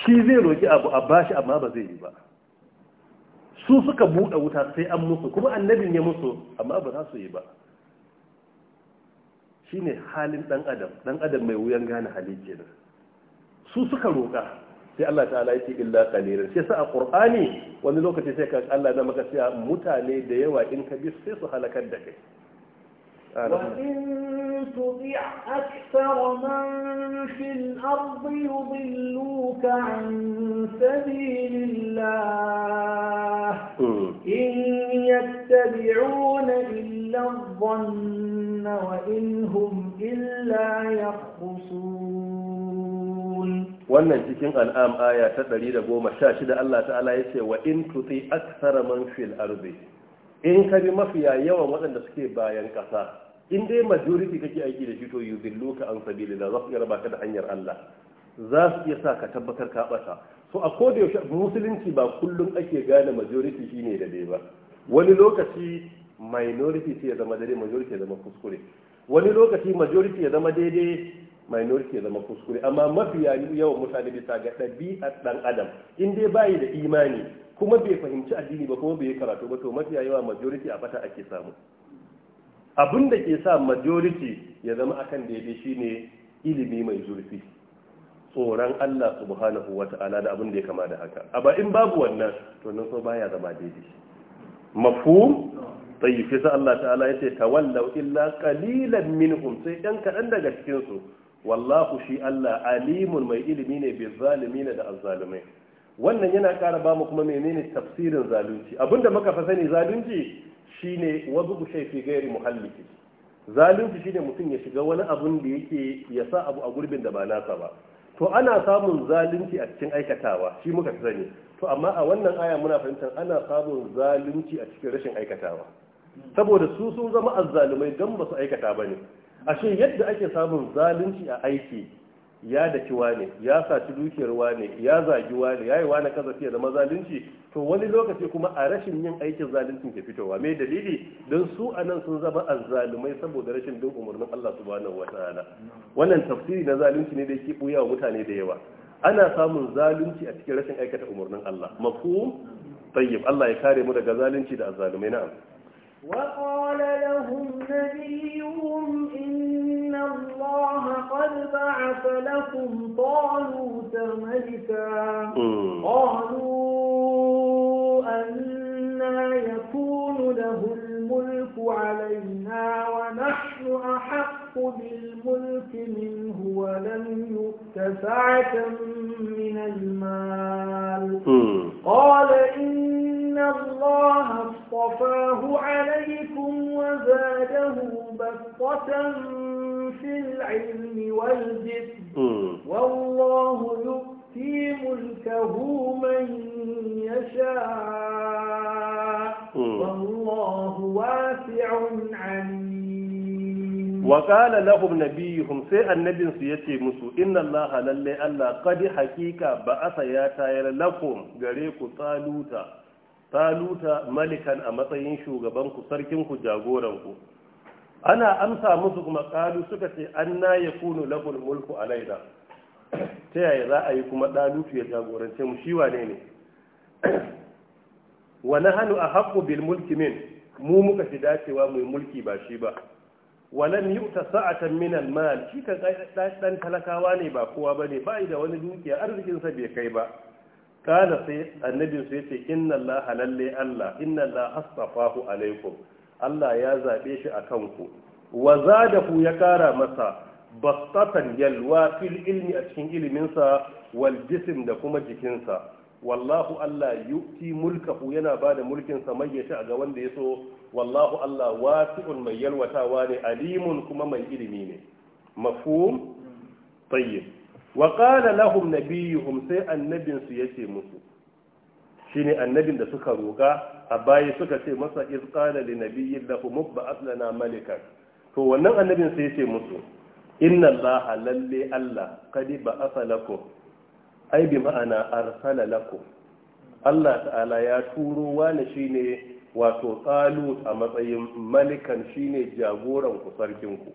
[SPEAKER 1] shi zai roƙi abu a bashi amma ba zai yi ba su suka buɗe wuta sai an musu kuma annabin ya musu amma ba za su yi ba shine halin dan adam dan adam mai wuyan gane hali kenan su suka roka sai Allah ta'ala yake illa qalilan sai sa a wani lokaci sai ka Allah da maka sai mutane da yawa in ka bi sai su halakar da kai wa
[SPEAKER 2] in تطع أكثر من في الأرض يضلوك عن سبيل الله إن يتبعون إلا الظن وإن هم إلا يخرصون
[SPEAKER 1] wannan cikin al'am aya ta 116 Allah ta'ala ya ce wa in tuti akthara man fil ardi in ka bi mafiya yawan waɗanda suke bayan ƙasa in dai majority kake aiki da shi to ka an sabilillah za su iya raba ka da hanyar Allah za su iya sa ka tabbatar ka bata so a koda yaushe musulunci ba kullum ake gane majority ne da dai ba wani lokaci minority sai ya zama daidai majority ya zama kuskure wani lokaci majority ya zama daidai minority ya zama kuskure amma mafi yawan mutane bisa ga ɗabi'ar ɗan adam in dai bayi da imani kuma bai fahimci addini ba kuma bai karatu ba to mafi yawa majority a fata ake samu abin da ke sa majority ya zama akan daidai shine ilimi mai zurfi tsoron Allah subhanahu wata'ala da abin da ya kama da haka abu in babu wannan to nan so baya zama daidai mafhum tayyib sa Allah ta'ala ya yace tawallaw illa qalilan minhum sai dan kaɗan daga cikin su wallahu shi Allah alimun mai ilimi ne bi ne da azzalimai wannan yana kara ba mu kuma menene tafsirin zalunci abinda muka fa sani zalunci shine wazu shay fi gairi muhallifi. zalunci shine mutum ya shiga wani abun da yake ya sa abu a gurbin da ba nasa ba to ana samun zalunci a cikin aikatawa shi muka sani to amma a wannan aya muna fahimtar ana samun zalunci a cikin rashin aikatawa saboda su sun zama azzalumai don ba su aikata ba ne ashe yadda ake samun zalunci a aiki ya daki ne? ya saci dukiyar wane ya zagi wane ya yi wane kaza fiye da mazalunci to wani lokaci kuma a rashin yin aikin zalunci ke fitowa mai dalili don su anan sun zama azzalumai saboda rashin bin umarnin Allah subhanahu wataala wannan tafsiri na zalunci ne da yake buya wa mutane da yawa ana samun zalunci a cikin rashin aikata umarnin Allah mafhum tayyib Allah ya kare mu daga zalunci da azzalumai na'am
[SPEAKER 2] وقال لهم نبيهم إن الله قد بعث لكم طالوت ملكا قالوا أنا يكون له الملك علينا ونحن أحق بالملك منه ولم يؤت سعة من المال حلقة في العلم والجسم والله يؤتي ملكه من يشاء والله واسع عليم
[SPEAKER 1] وقال لهم نبيهم سي النبي سيتي مسو إن الله للي ألا قد حقيقة بأس يا تاير لكم غريك طالوتا طالوتا ملكا أمطين شوغبانكو سركنكو جاغورانكو ana amsa musu kuma kalu suka ce an na ya kunu lagun mulku laida ta yaya za a yi kuma ɗalutu ya jagorance mu shi wane ne wani hannu a haƙƙu bil mulki min mu muka fi dacewa mai mulki ba shi ba walam yu'ta sa'atan minan mal shi ka ɗan talakawa ne ba kowa ba ne ba da wani dukiya arzikinsa bai kai ba Kada sai annabin sai ce, inna la halalle allah inna la astafahu alaikum Allah ya zaɓe shi a kanku wa ku ya ƙara masa bastatan yalwa fil ilmi a cikin iliminsa wal jisim da kuma jikinsa wallahu Allah yu'ti mulkahu yana ba da mulkinsa mai a ga wanda ya so wallahu Allah wasi'un mai yalwatawa ne alimun kuma mai ilimi ne mafhum tayyib wa qala lahum nabiyuhum sai annabinsu ya ce musu shine annabin da suka roƙa? a baya suka ce masa izqala qala li nabiyyin lahu mubba'at lana malikan to wannan annabin sai ce musu inna allaha lalle allah qad ba'atha lakum ai bi ma'ana arsala lakum Allah ta'ala ya turo wani shine wato qalu a matsayin malikan shine jagoran ku sarkin ku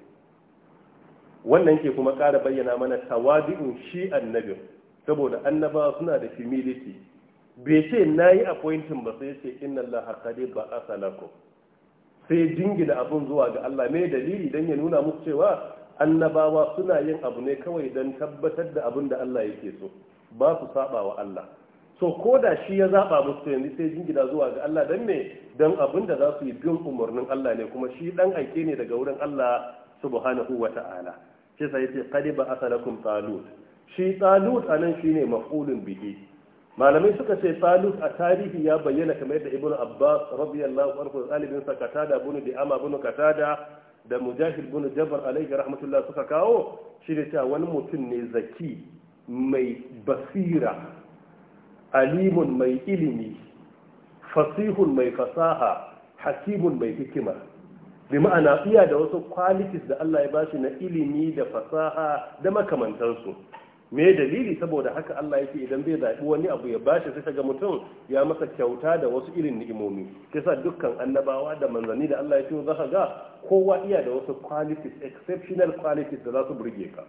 [SPEAKER 1] wannan ke kuma ƙara bayyana mana tawadi'un shi annabi saboda annaba suna da humility bai ce na yi appointing ba sai ce inna Allah haƙari ba asalaku sai jingina abun zuwa ga Allah mai dalili don ya nuna muku cewa annabawa suna yin abu ne kawai don tabbatar da abin da Allah yake so ba su saba wa Allah so ko da shi ya zaba musu yanzu sai jingina zuwa ga Allah don me don abin da za su yi bin umarnin Allah ne kuma shi dan aike ne daga wurin Allah subhanahu wa ta'ala shi sai ce qad ba asalakum talut shi talut anan shine maf'ulun biki. malamai suka ce salus a tarihi ya bayyana kamar da ibnu abbas radiyallahu anhu zalibin sa katada bunu da ama bunu katada da mujahid bunu jabr alaihi rahmatullah suka kawo shi da cewa wani mutum ne zaki mai basira alimun mai ilimi fasihun mai fasaha hakimun mai hikima bi ma'ana iya da wasu qualities da Allah ya bashi na ilimi da fasaha da makamantansu me dalili saboda haka Allah yake idan zai zaɓi wani abu ya bashi sai ga mutum ya masa kyauta da wasu irin ni'imomi sai sa dukkan annabawa da manzanni da Allah ya ce ga kowa iya da wasu qualities exceptional qualities da za su burge ka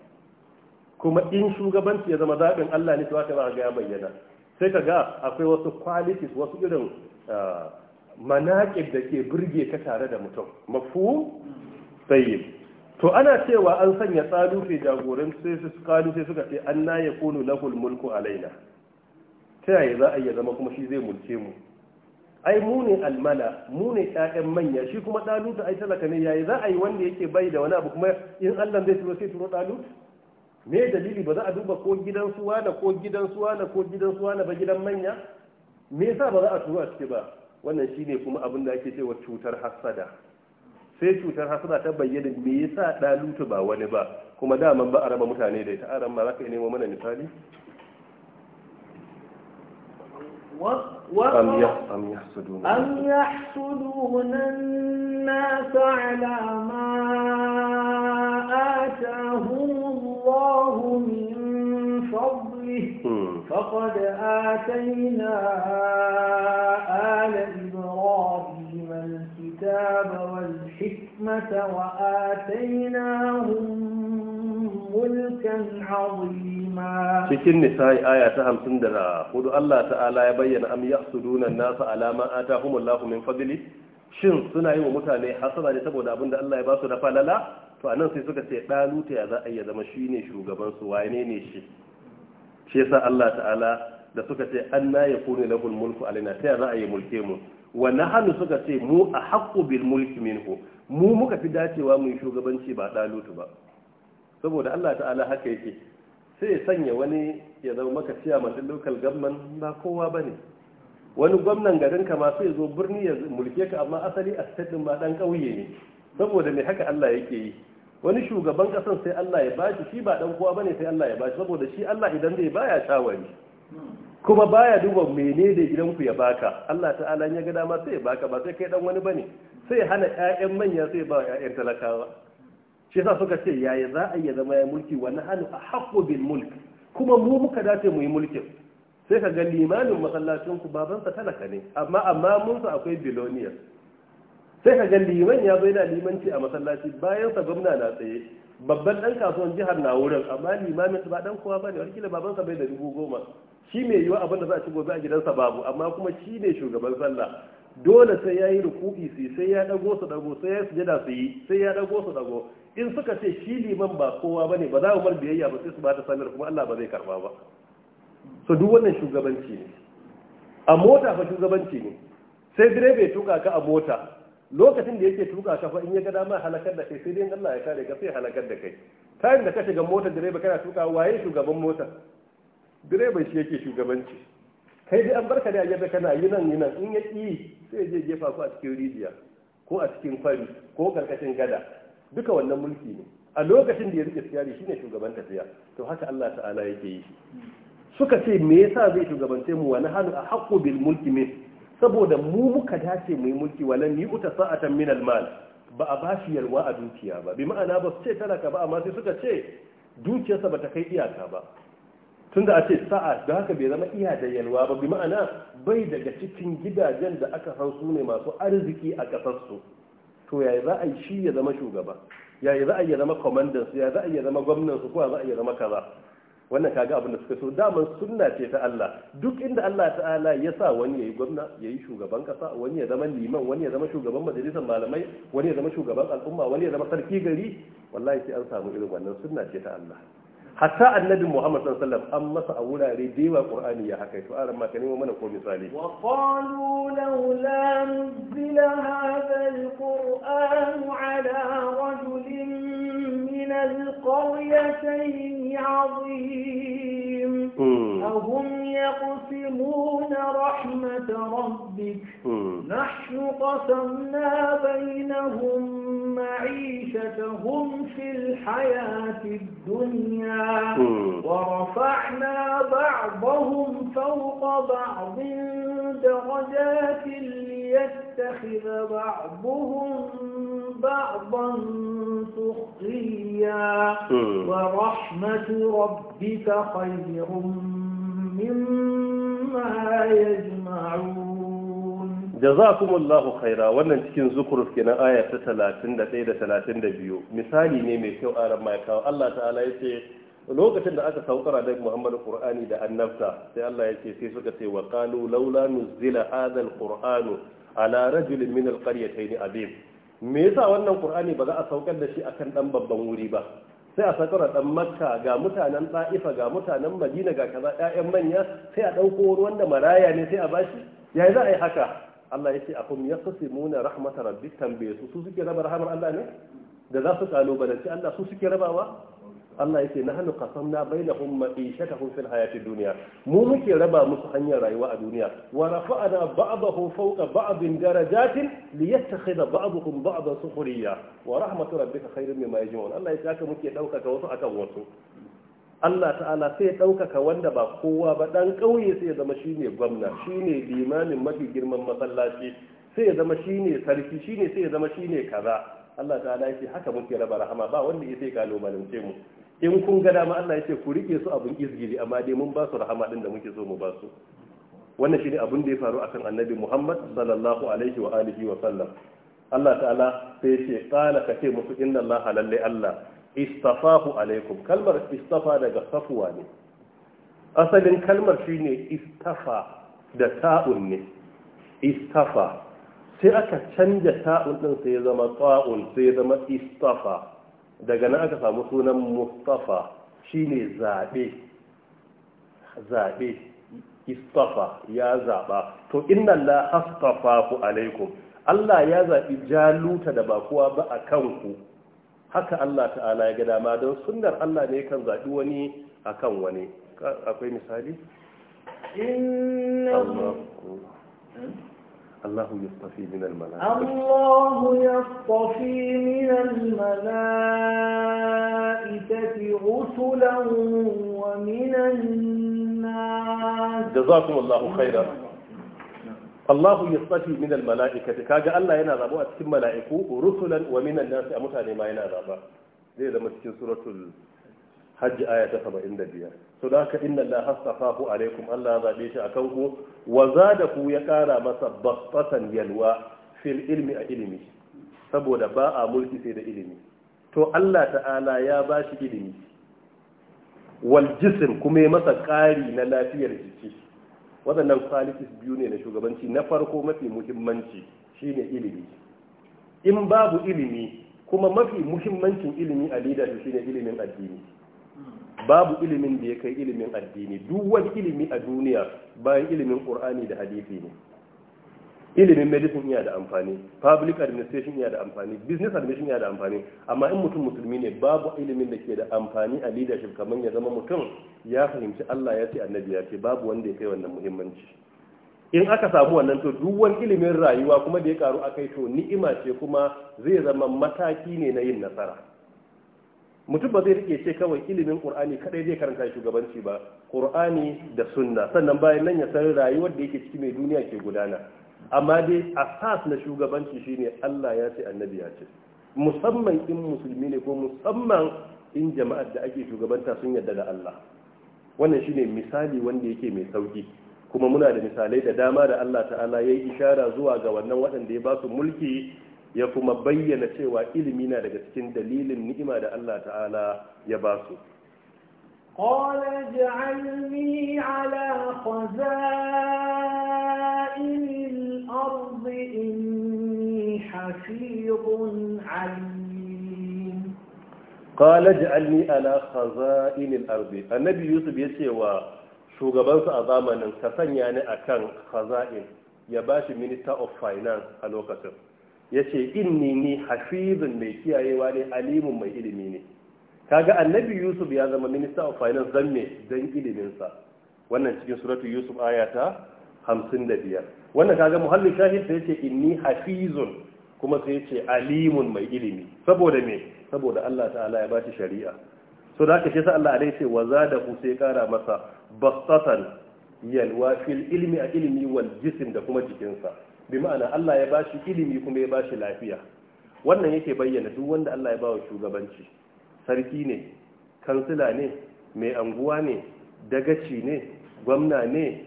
[SPEAKER 1] kuma in shugabanci ya zama zaɓin Allah ne sai ka ga ya bayyana sai ka ga akwai wasu qualities wasu irin ah, manaqib da ke burge ka tare da mutum mafhum tayyib to ana cewa an sanya tsadufe jagoran sai su sai suka ce an na ya kunu lahul mulku alaina ta yaya za a iya zama kuma shi zai mulke mu ai mu ne almala mu ne ƴaƴan manya shi kuma ɗalutu ai talaka ne yayi za a yi wanda yake bai da wani abu kuma in Allah zai turo sai turo ɗalutu me dalili ba za a duba ko gidan suwa da ko gidan suwa da ko gidan suwa da ba gidan manya me yasa ba za a turo a ciki ba wannan shine kuma abin da ake cewa cutar hassada sai cutar hasada ta bayyana me yasa dalutu ba wani ba kuma daman ba a raba mutane da ita a ran ma za ka nemo mana misali
[SPEAKER 2] أم
[SPEAKER 1] يحسدون أم
[SPEAKER 2] يحسدون الناس على ما آتاهم الله فقد آتينا آل إبراهيم الكتاب والحكمة وآتيناهم ملكا عظيما cikin
[SPEAKER 1] nisa'i aya ta 54 Allah ta'ala ya bayyana am yahsuduna an-nasa ala ma atahumullahu min fadli shin suna yi wa mutane hasara ne saboda da Allah ya ba su da falala to nan sai suka ce daluta ya za a iya zama ne shugaban su wane ne shi shi yasa Allah ta'ala da suka ce ya kone lahul mulku alaina ta za a yi mulke mu wa hannu suka ce mu a haƙƙo bil mulki minhu mu muka fi dacewa mu shugabanci ba ɗalutu ba saboda Allah ta'ala haka yake sai ya sanya wani ya zama maka ciya masu local government ba kowa ba ne wani gwamnan garin ka masu sai zo birni ya mulke ka amma asali a state ɗin ma dan kauye ne saboda me haka Allah yake yi wani shugaban kasan sai Allah ya bashi shi ba dan kowa ne sai Allah ya bashi saboda shi Allah idan zai baya shawari kuma baya duba menene gidanku ya baka Allah ta'ala ya ga dama sai ya baka ba sai kai dan wani bane sai hana ƴaƴan manya sai ba ƴaƴan talakawa shi yasa suka ce yaya za a iya zama ya mulki wa nahnu ahqqu bil mulk kuma mu muka dace mu yi mulkin sai ka ga limamin masallacin ku babansa talaka ne amma amma mun sa akwai bilonia sai ka ga liman ya bai da limanci a masallaci bayan sa gwamna na tsaye babban ɗan kasuwan jihar na wurin amma limamin ba dan kowa bane wani kila babansa bai da dubu goma shi mai yiwa abin da za a ci gobe a gidansa babu amma kuma shi ne shugaban sallah dole sai ya yi rukuki su sai ya dago su dago sai ya sujada su yi sai ya dago su dago in suka ce shi liman ba kowa bane ba za mu bar biyayya ba sai su ba ta sanar kuma Allah ba zai karba ba so duk wannan shugabanci ne a mota fa shugabanci ne sai direba ya tuka ka a mota lokacin da yake tuka ka fa in ya ga dama halakar da kai sai dai Allah ya kare ka sai halakar da kai tayin da ka shiga motar direba kana tuka waye shugaban motar direban shi yake shugabanci kai dai an barka da yadda kana yi nan nan in ya ƙi sai je jefa ku a cikin rijiya ko a cikin fari ko karkashin gada duka wannan mulki ne a lokacin da ya rike tsari shine shugaban tafiya to haka Allah ta'ala yake yi suka ce me yasa zai shugabance mu wani halu a haqqu bil mulki min saboda mu muka dace mu mulki walan ni uta sa'atan min almal ba a bashi yalwa a dukiya ba bi ma'ana ba su ce talaka ba amma sai suka ce dukiyarsa ba ta kai iyaka ba tunda a ce sa'a da haka bai zama iya da yalwa ba bi ma'ana bai daga cikin gidajen da aka san su ne masu arziki a su. to yayi za a yi shi ya zama shugaba yayi za a yi ya zama kwamandansu yayi za a yi ya zama gwamnansu ko za a yi ya zama kaza wannan kaga abin da suka so dama sunna ce ta Allah duk inda Allah ta'ala ya sa wani yayi gwamna yayi shugaban kasa wani ya zama liman wani ya zama shugaban majalisar malamai wani ya zama shugaban al'umma wani ya zama sarki gari wallahi sai an samu irin wannan sunna ce ta Allah hatta annabi Muhammad sallallahu alaihi wasallam an masa a wurare da yawa Qur'ani ya haka to aran maka nemo mana ko misali wa
[SPEAKER 2] qalu laula nuzila hadha alquran ala rajulin min alqaryatayn azim ahum yaqsimuna rahmat rabbik nahnu qasamna bainahum ma'ishatahum fil hayati ad-dunya ورفعنا بعضهم فوق بعض درجات ليتخذ بعضهم بعضا سخريا ورحمة ربك خير مما يجمعون
[SPEAKER 1] جزاكم الله خيرا wannan cikin zukuruf kenan aya ta 31 da 32 misali ne mai kyau a ran mai kawo Allah ta'ala yace lokacin da aka saukara da Muhammad Qur'ani da annabta sai Allah ya ce sai suka ce wa qalu laula nuzila hadha al-Qur'anu ala rajul min al-qaryatayn abim me yasa wannan Qur'ani ba za a saukar da shi akan dan babban wuri ba sai a saukar dan makka ga mutanen ta'ifa ga mutanen madina ga kaza ƴaƴan manya sai a ɗauko wani wanda maraya ne sai a bashi ya za a yi haka Allah ya ce a yaqsimuna rahmatar rabbikum bi su su suke raba rahmar Allah ne da za su kalubalanci Allah su suke rabawa Allah yake na hannu kasamna bainahum ma'ishatahum fil hayati duniya mu muke raba musu hanyar rayuwa a duniya wa rafa'ana ba'dahu fawqa ba'din darajatin liyattakhidha ba'dhum ba'dan sukhriya wa rahmatu rabbika khairun mimma wani Allah yake haka muke ɗaukaka wasu akan wasu Allah ta'ala sai ɗaukaka wanda ba kowa ba ɗan ƙauye sai ya zama shine gwamna shine limamin mafi girman masallaci sai ya zama shine sarki sai ya zama shine kaza Allah ta'ala yake haka muke raba rahama ba wanda ya sai kalubalance mu in kun ga dama Allah ya ce ku rike su abun izgiri, amma dai mun ba su rahama din da muke so mu ba su wannan shine abun da ya faru akan annabi Muhammad sallallahu alaihi wa alihi wa sallam Allah ta'ala sai ce qala ka ce musu inna Allah lalle Allah istafahu alaikum kalmar istafa daga safwa ne asalin kalmar shine istafa da ta'un ne istafa sai aka canja ta'un din sai ya zama ta'un sai ya zama istafa daga nan aka samu sunan mustafa shine zaɓe zaɓe istafa ya zaɓa to inna la astafa ku alaikum Allah ya zaɓi jaluta da ba kowa ba a kanku haka Allah ta'ala ya ga dama don sunnar Allah ne kan zaɓi wani a kan wani akwai misali? الله يصطفي من الملائكة
[SPEAKER 2] الله يصطفي من الملائكة رسلا ومن الناس جزاكم الله خيرا
[SPEAKER 1] الله يصطفي من الملائكة كاجا الله ينا رابو أتكم ملائكو رسلا ومن الناس أمتاني ما ينا رابا زي لما تكون سورة hajji aya ta saba'in da biyar To da haka inna la hastafahu alaikum Allah ya zaɓe shi kan ku wa da ku ya ƙara masa basbatan yalwa fil ilmi a ilimi saboda ba a mulki sai da ilimi to Allah ta'ala ya ba shi ilimi wal jisim kuma ya masa ƙari na lafiyar jiki waɗannan kwalifis biyu ne na shugabanci na farko mafi muhimmanci shine ilimi in babu ilimi kuma mafi muhimmancin ilimi a leadership shine ilimin addini babu ilimin da ya kai ilimin addini duk wani ilimi a duniya bayan ilimin qur'ani da hadisi ne ilimin medicine yana da amfani public administration yana da amfani business administration yana da amfani amma in mutum musulmi ne babu ilimin da ke da amfani a leadership kamar ya zama mutum ya fahimci Allah ya ce annabi ya ce babu wanda ya kai wannan muhimmanci in aka samu wannan to duk wani ilimin rayuwa kuma da ya karu akai to ni'ima ce kuma zai zama mataki ne na yin nasara mutum ba zai rike ce kawai ilimin qur'ani kadai zai karanta shugabanci ba Ƙur'ani da sunna sannan bayan nan ya san rayuwar da yake ciki mai duniya ke gudana amma dai asas na shugabanci shine Allah ya ce annabi ya ce musamman in musulmi ne ko musamman in jama'ar da ake shugabanta sun yarda da Allah wannan shine misali wanda yake mai sauki kuma muna da misalai da dama da Allah ta'ala ya yi ishara zuwa ga wannan waɗanda ya ba su mulki ya kuma bayyana cewa ilimi na daga cikin dalilin ni'ima da Allah ta'ala ya ba su
[SPEAKER 2] قال اجعلني على خزائن الأرض إني حفيظ عليم
[SPEAKER 1] قال اجعلني على Annabi Yusuf ya ce wa shugabansu a zamanin ka sanya ni kan khaza'in ya bashi minister of finance a lokacin ya ce inni ni hafizun mai kiyayewa ne alimun mai ilimi ne kaga annabi yusuf ya zama minister of finance don me don iliminsa wannan cikin suratu yusuf aya ta hamsin wannan kaga muhallin shahid sai ce inni hafizun kuma sai ce alimun mai ilimi saboda me saboda Allah ta'ala ya ba shi shari'a so da haka shi sa Allah alai ce wa da ku sai kara masa bastatan yalwa fil ilmi a ilimi wal jism da kuma jikinsa bi ma'ana Allah ya bashi ilimi kuma ya bashi lafiya wannan yake bayyana duk wanda Allah ya bawa shugabanci sarki ne kansila ne mai anguwa ne dagaci ne gwamna ne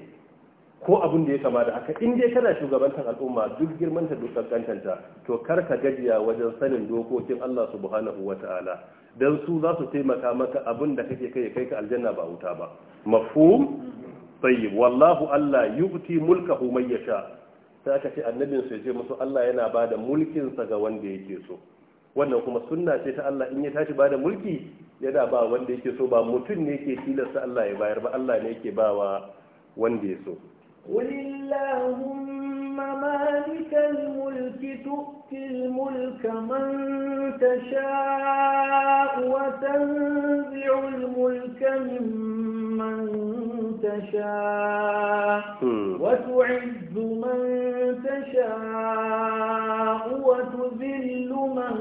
[SPEAKER 1] ko abin da ya kama da haka in dai kana shugabantar al'umma duk girmanta duk kankanta to kar ka gajiya wajen sanin dokokin Allah subhanahu wata'ala dan su za su taimaka maka abin da kake kai kai ka aljanna ba wuta ba mafhum tayyib wallahu Allah yu'ti mulkahu man yasha sai aka ce annabin su ya ce musu Allah yana ba da mulkin sa ga wanda yake so wannan kuma sunna ce ta Allah in ya tashi ba da mulki yana ba wanda yake so ba mutum ne yake tilasta Allah ya bayar ba Allah ne yake bawa wanda ya so
[SPEAKER 2] qulillahumma ممالك الملك تؤتي الملك من تشاء وتنزع الملك ممن تشاء وتعز من تشاء وتذل من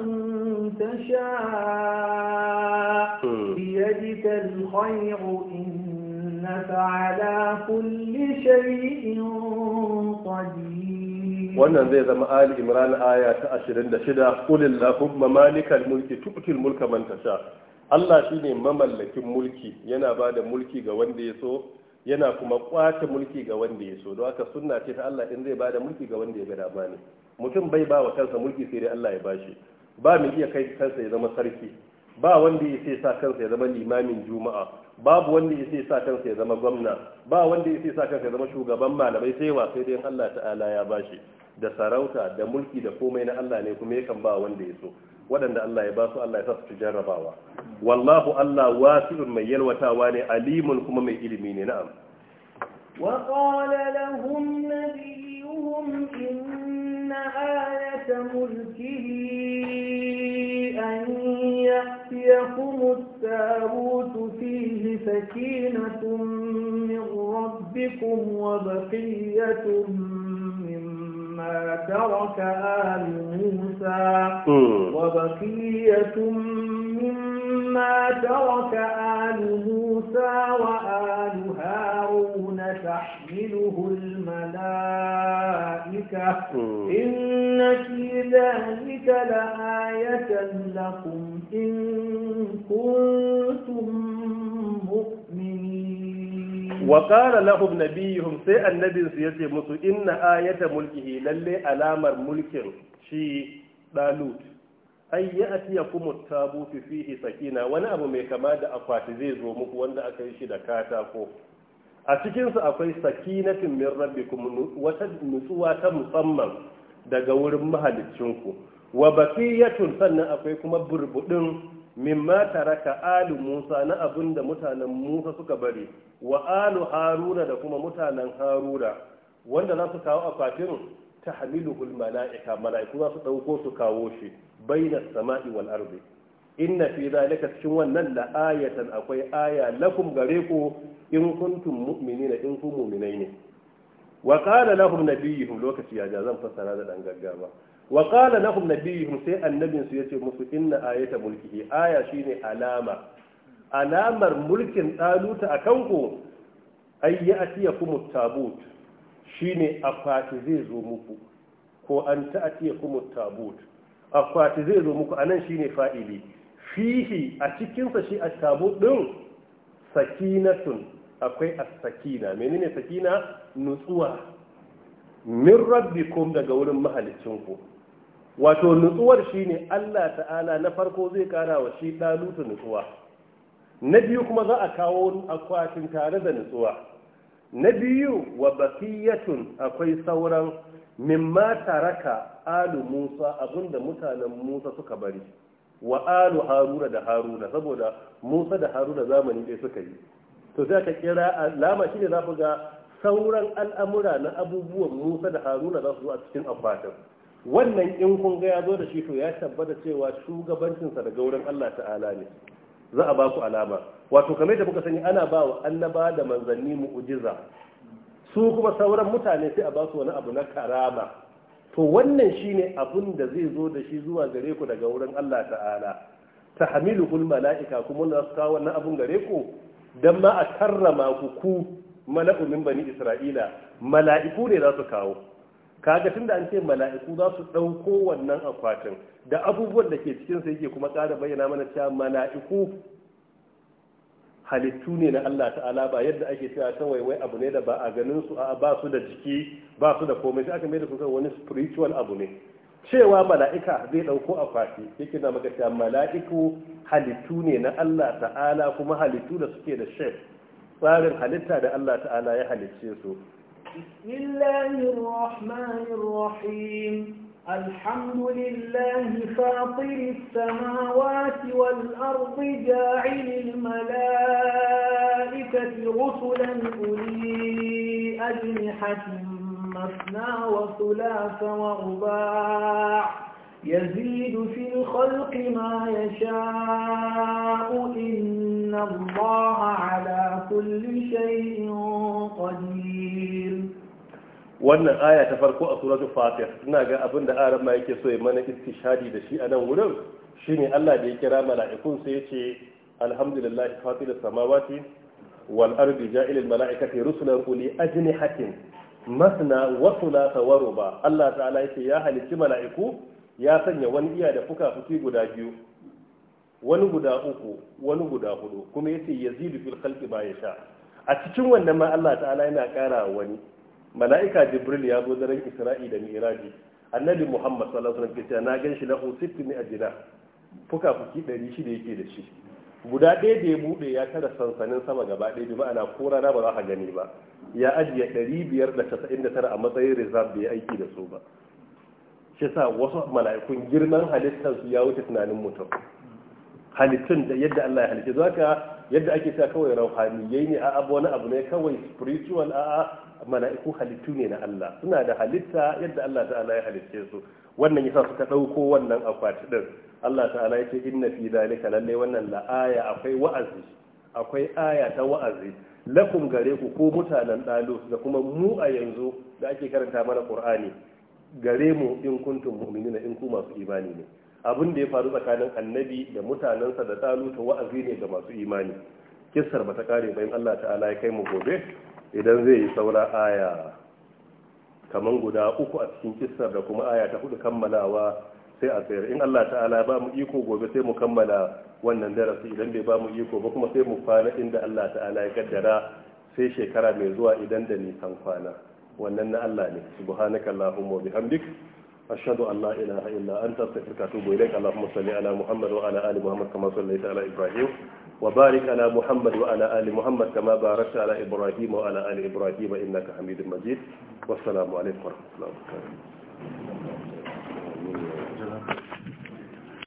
[SPEAKER 2] تشاء بيدك الخير إن إنك على كل شيء قدير wannan
[SPEAKER 1] zai zama Ali Imran aya ta 26 qul allahumma malikal mulki tu'til mulka man tasha Allah shine mamallakin mulki yana bada mulki ga wanda ya so yana kuma kwace mulki ga wanda ya so don haka sunna ce ta Allah in zai da mulki ga wanda ya ga dama ne mutum bai ba wa kansa mulki sai dai Allah ya bashi ba mu iya kai kansa ya zama sarki ba wanda ya sai sa kansa ya zama limamin juma'a babu wanda ya sai sa kansa ya zama gwamna ba wanda ya sai sa kansa ya zama shugaban malamai sai wa sai dai Allah ta'ala ya bashi da sarauta da mulki da komai na Allah ne kuma yakan ba wanda ya so waɗanda Allah ya ba su Allah ya sa su jarrabawa wallahu Allah wasi'un mai yalwatawa ne alimun kuma mai ilimi ne na'am
[SPEAKER 2] qala lahum nabiyuhum inna ayata mulkihi. أن يأتيكم التابوت فيه سكينة من ربكم وبقية مما ترك آل موسى وبقية مما ترك آل موسى وآل هارون تحمله ذلك إن في ذلك لآية لكم إن كنتم مؤمنين
[SPEAKER 1] وقال لهم نبيهم سي النبي سيتي مسو إن آية ملكه للي ألامر ملك شي دالوت an yi a tiya kuma tabutu fihi sakina wani abu mai kama da akwati zai zo a cikinsu akwai sakinatin min rabbikum wata nutsuwa ta musamman daga wurin ku. wa baqiyatun sannan akwai kuma burbudin mimma taraka alu musa na abinda mutanen musa suka bari wa alu haruna da kuma mutanen haruna wanda za su kawo akwatin tahmiluhul mala'ika mala'iku za su dauko su kawo shi bainas sama'i wal ardi inna fi zalika cikin wannan la ayatan akwai aya lakum gare ku in kuntum mu'minina in kuntum mu'minai ne wa qala lahum nabiyuhum lokaci ya ja zan fassara da dan gaggawa wa qala lahum nabiyuhum sai annabin su yace musu inna ayata mulkihi aya shine alama alamar mulkin taluta akan ku ayyatiyakum tabut shine akwati zai zo muku ko an ta'atiyakum tabut akwati zai zo muku anan shine fa'ili fihi a cikinsa shi a shabu ɗin sakinatun akwai a sakina menene sakina nutsuwa min rabbikum daga wurin mahalicinku wato nutsuwar shine Allah ta'ala na farko zai kara wa shi ɗalutu nutsuwa na biyu kuma za a kawo akwatin tare da nutsuwa na biyu wa bakiyatun akwai sauran mimma taraka alu musa abinda mutanen musa suka bari wa alu haruna da haruna saboda musa da haruna zamani ɗaya suka yi to sai aka kira lama shine za ku ga sauran al'amura na abubuwan musa da haruna za su zo a cikin akwatin wannan in kun ga ya zo da shi to ya tabbata cewa shugabancinsa daga wurin allah ta'ala ne za a ba ku alama wato kamar da muka sani ana ba wa annaba da manzanni mu'ujiza su kuma sauran mutane sai a ba su wani abu na karama to wannan shine abin da zai zo da shi zuwa gare ku daga wurin Allah ta'ala ta hamiluhul mala'ika kuma na su kawo wannan abin gare ku dan ma a karrama ku ku mala'u min bani isra'ila mala'iku ne za su kawo kaga tunda an ce mala'iku za su ɗauko wannan akwatin da abubuwan da ke cikin sa yake kuma ƙara bayyana mana cewa mala'iku halittu ne na Allah ta'ala ba yadda ake cewa ta waiwai abu ne da ba a ganin su a ba su da jiki ba su da komai sai aka mai da su wani spiritual abu ne cewa mala'ika zai dauko a akwati yake na maka cewa mala'iku halittu ne na Allah ta'ala kuma halittu da suke da shef tsarin halitta da Allah ta'ala ya halicce su
[SPEAKER 2] بسم rahmanir rahim الحمد لله فاطر السماوات والأرض جاعل الملائكة رسلا أولي أجنحة مثنى وثلاث ورباع يزيد في الخلق ما يشاء إن الله على كل شيء قدير
[SPEAKER 1] wannan aya ta farko a suratul fatir ina ga abin da aran ma yake so ya mana istishadi da shi a nan wurin shine Allah da ya kira mala'ikun sai ya ce alhamdulillahi fatir samawati wal ardi ja'il al mala'ikati rusulan hakin. ajnihatin masna wa thulatha wa ruba Allah ta'ala yake ya halicci mala'iku ya sanya wani iya da fuka-fuki guda biyu wani guda uku wani guda hudu kuma yace yazidu fil khalqi ba yasha a cikin wannan ma Allah ta'ala yana kara wani mala'ika jibril ya zo daren isra'i da miraji annabi muhammad sallallahu alaihi wasallam na ganshi lahu sittin ajina fuka fuki 600 yake da shi guda ɗaya da ya bude ya tara sansanin sama gaba ɗaya bi ma'ana ko rana ba za ka gani ba ya ajiye 599 a matsayin reserve bai aiki da su ba shi sa wasu mala'ikun girman halittar su ya wuce tunanin mutum halittun da yadda Allah ya halitta zaka yadda ake sa kawai rauhaniyai ne a'a wani abu ne kawai spiritual a'a mala'iku halittu ne na Allah suna da halitta yadda Allah ta'ala ya halicce su wannan yasa suka dauko wannan akwati din Allah ta'ala yake ce inna fi zalika lalle wannan la'aya akwai wa'azi akwai aya ta wa'azi lakum gare ku ko mutanen dalu da kuma mu a yanzu da ake karanta mana Qur'ani gare mu in kuntum mu'minina in ku masu imani ne abin da ya faru tsakanin annabi da mutanensa da ta wa'azi ne ga masu imani kissar ba ta kare bayan Allah ta'ala ya kai mu gobe idan zai yi saura aya kamar guda uku a cikin kisar da kuma aya ta hudu kammalawa sai a tsayar in Allah ta'ala ba mu iko gobe sai mu kammala wannan darasi idan bai ba mu iko ba kuma sai mu kwana inda Allah ta'ala ya kaddara sai shekara mai zuwa idan da nisan kwana wannan na Allah ne subhanaka allahumma wa bihamdik ashhadu an la ilaha illa anta astaghfiruka wa atubu ilaik allahumma salli ala muhammad wa ala ali muhammad kama sallaita ala ibrahim وبارك على محمد وعلى آل محمد كما باركت على إبراهيم وعلى آل إبراهيم إنك حميد مجيد والسلام عليكم ورحمة الله وبركاته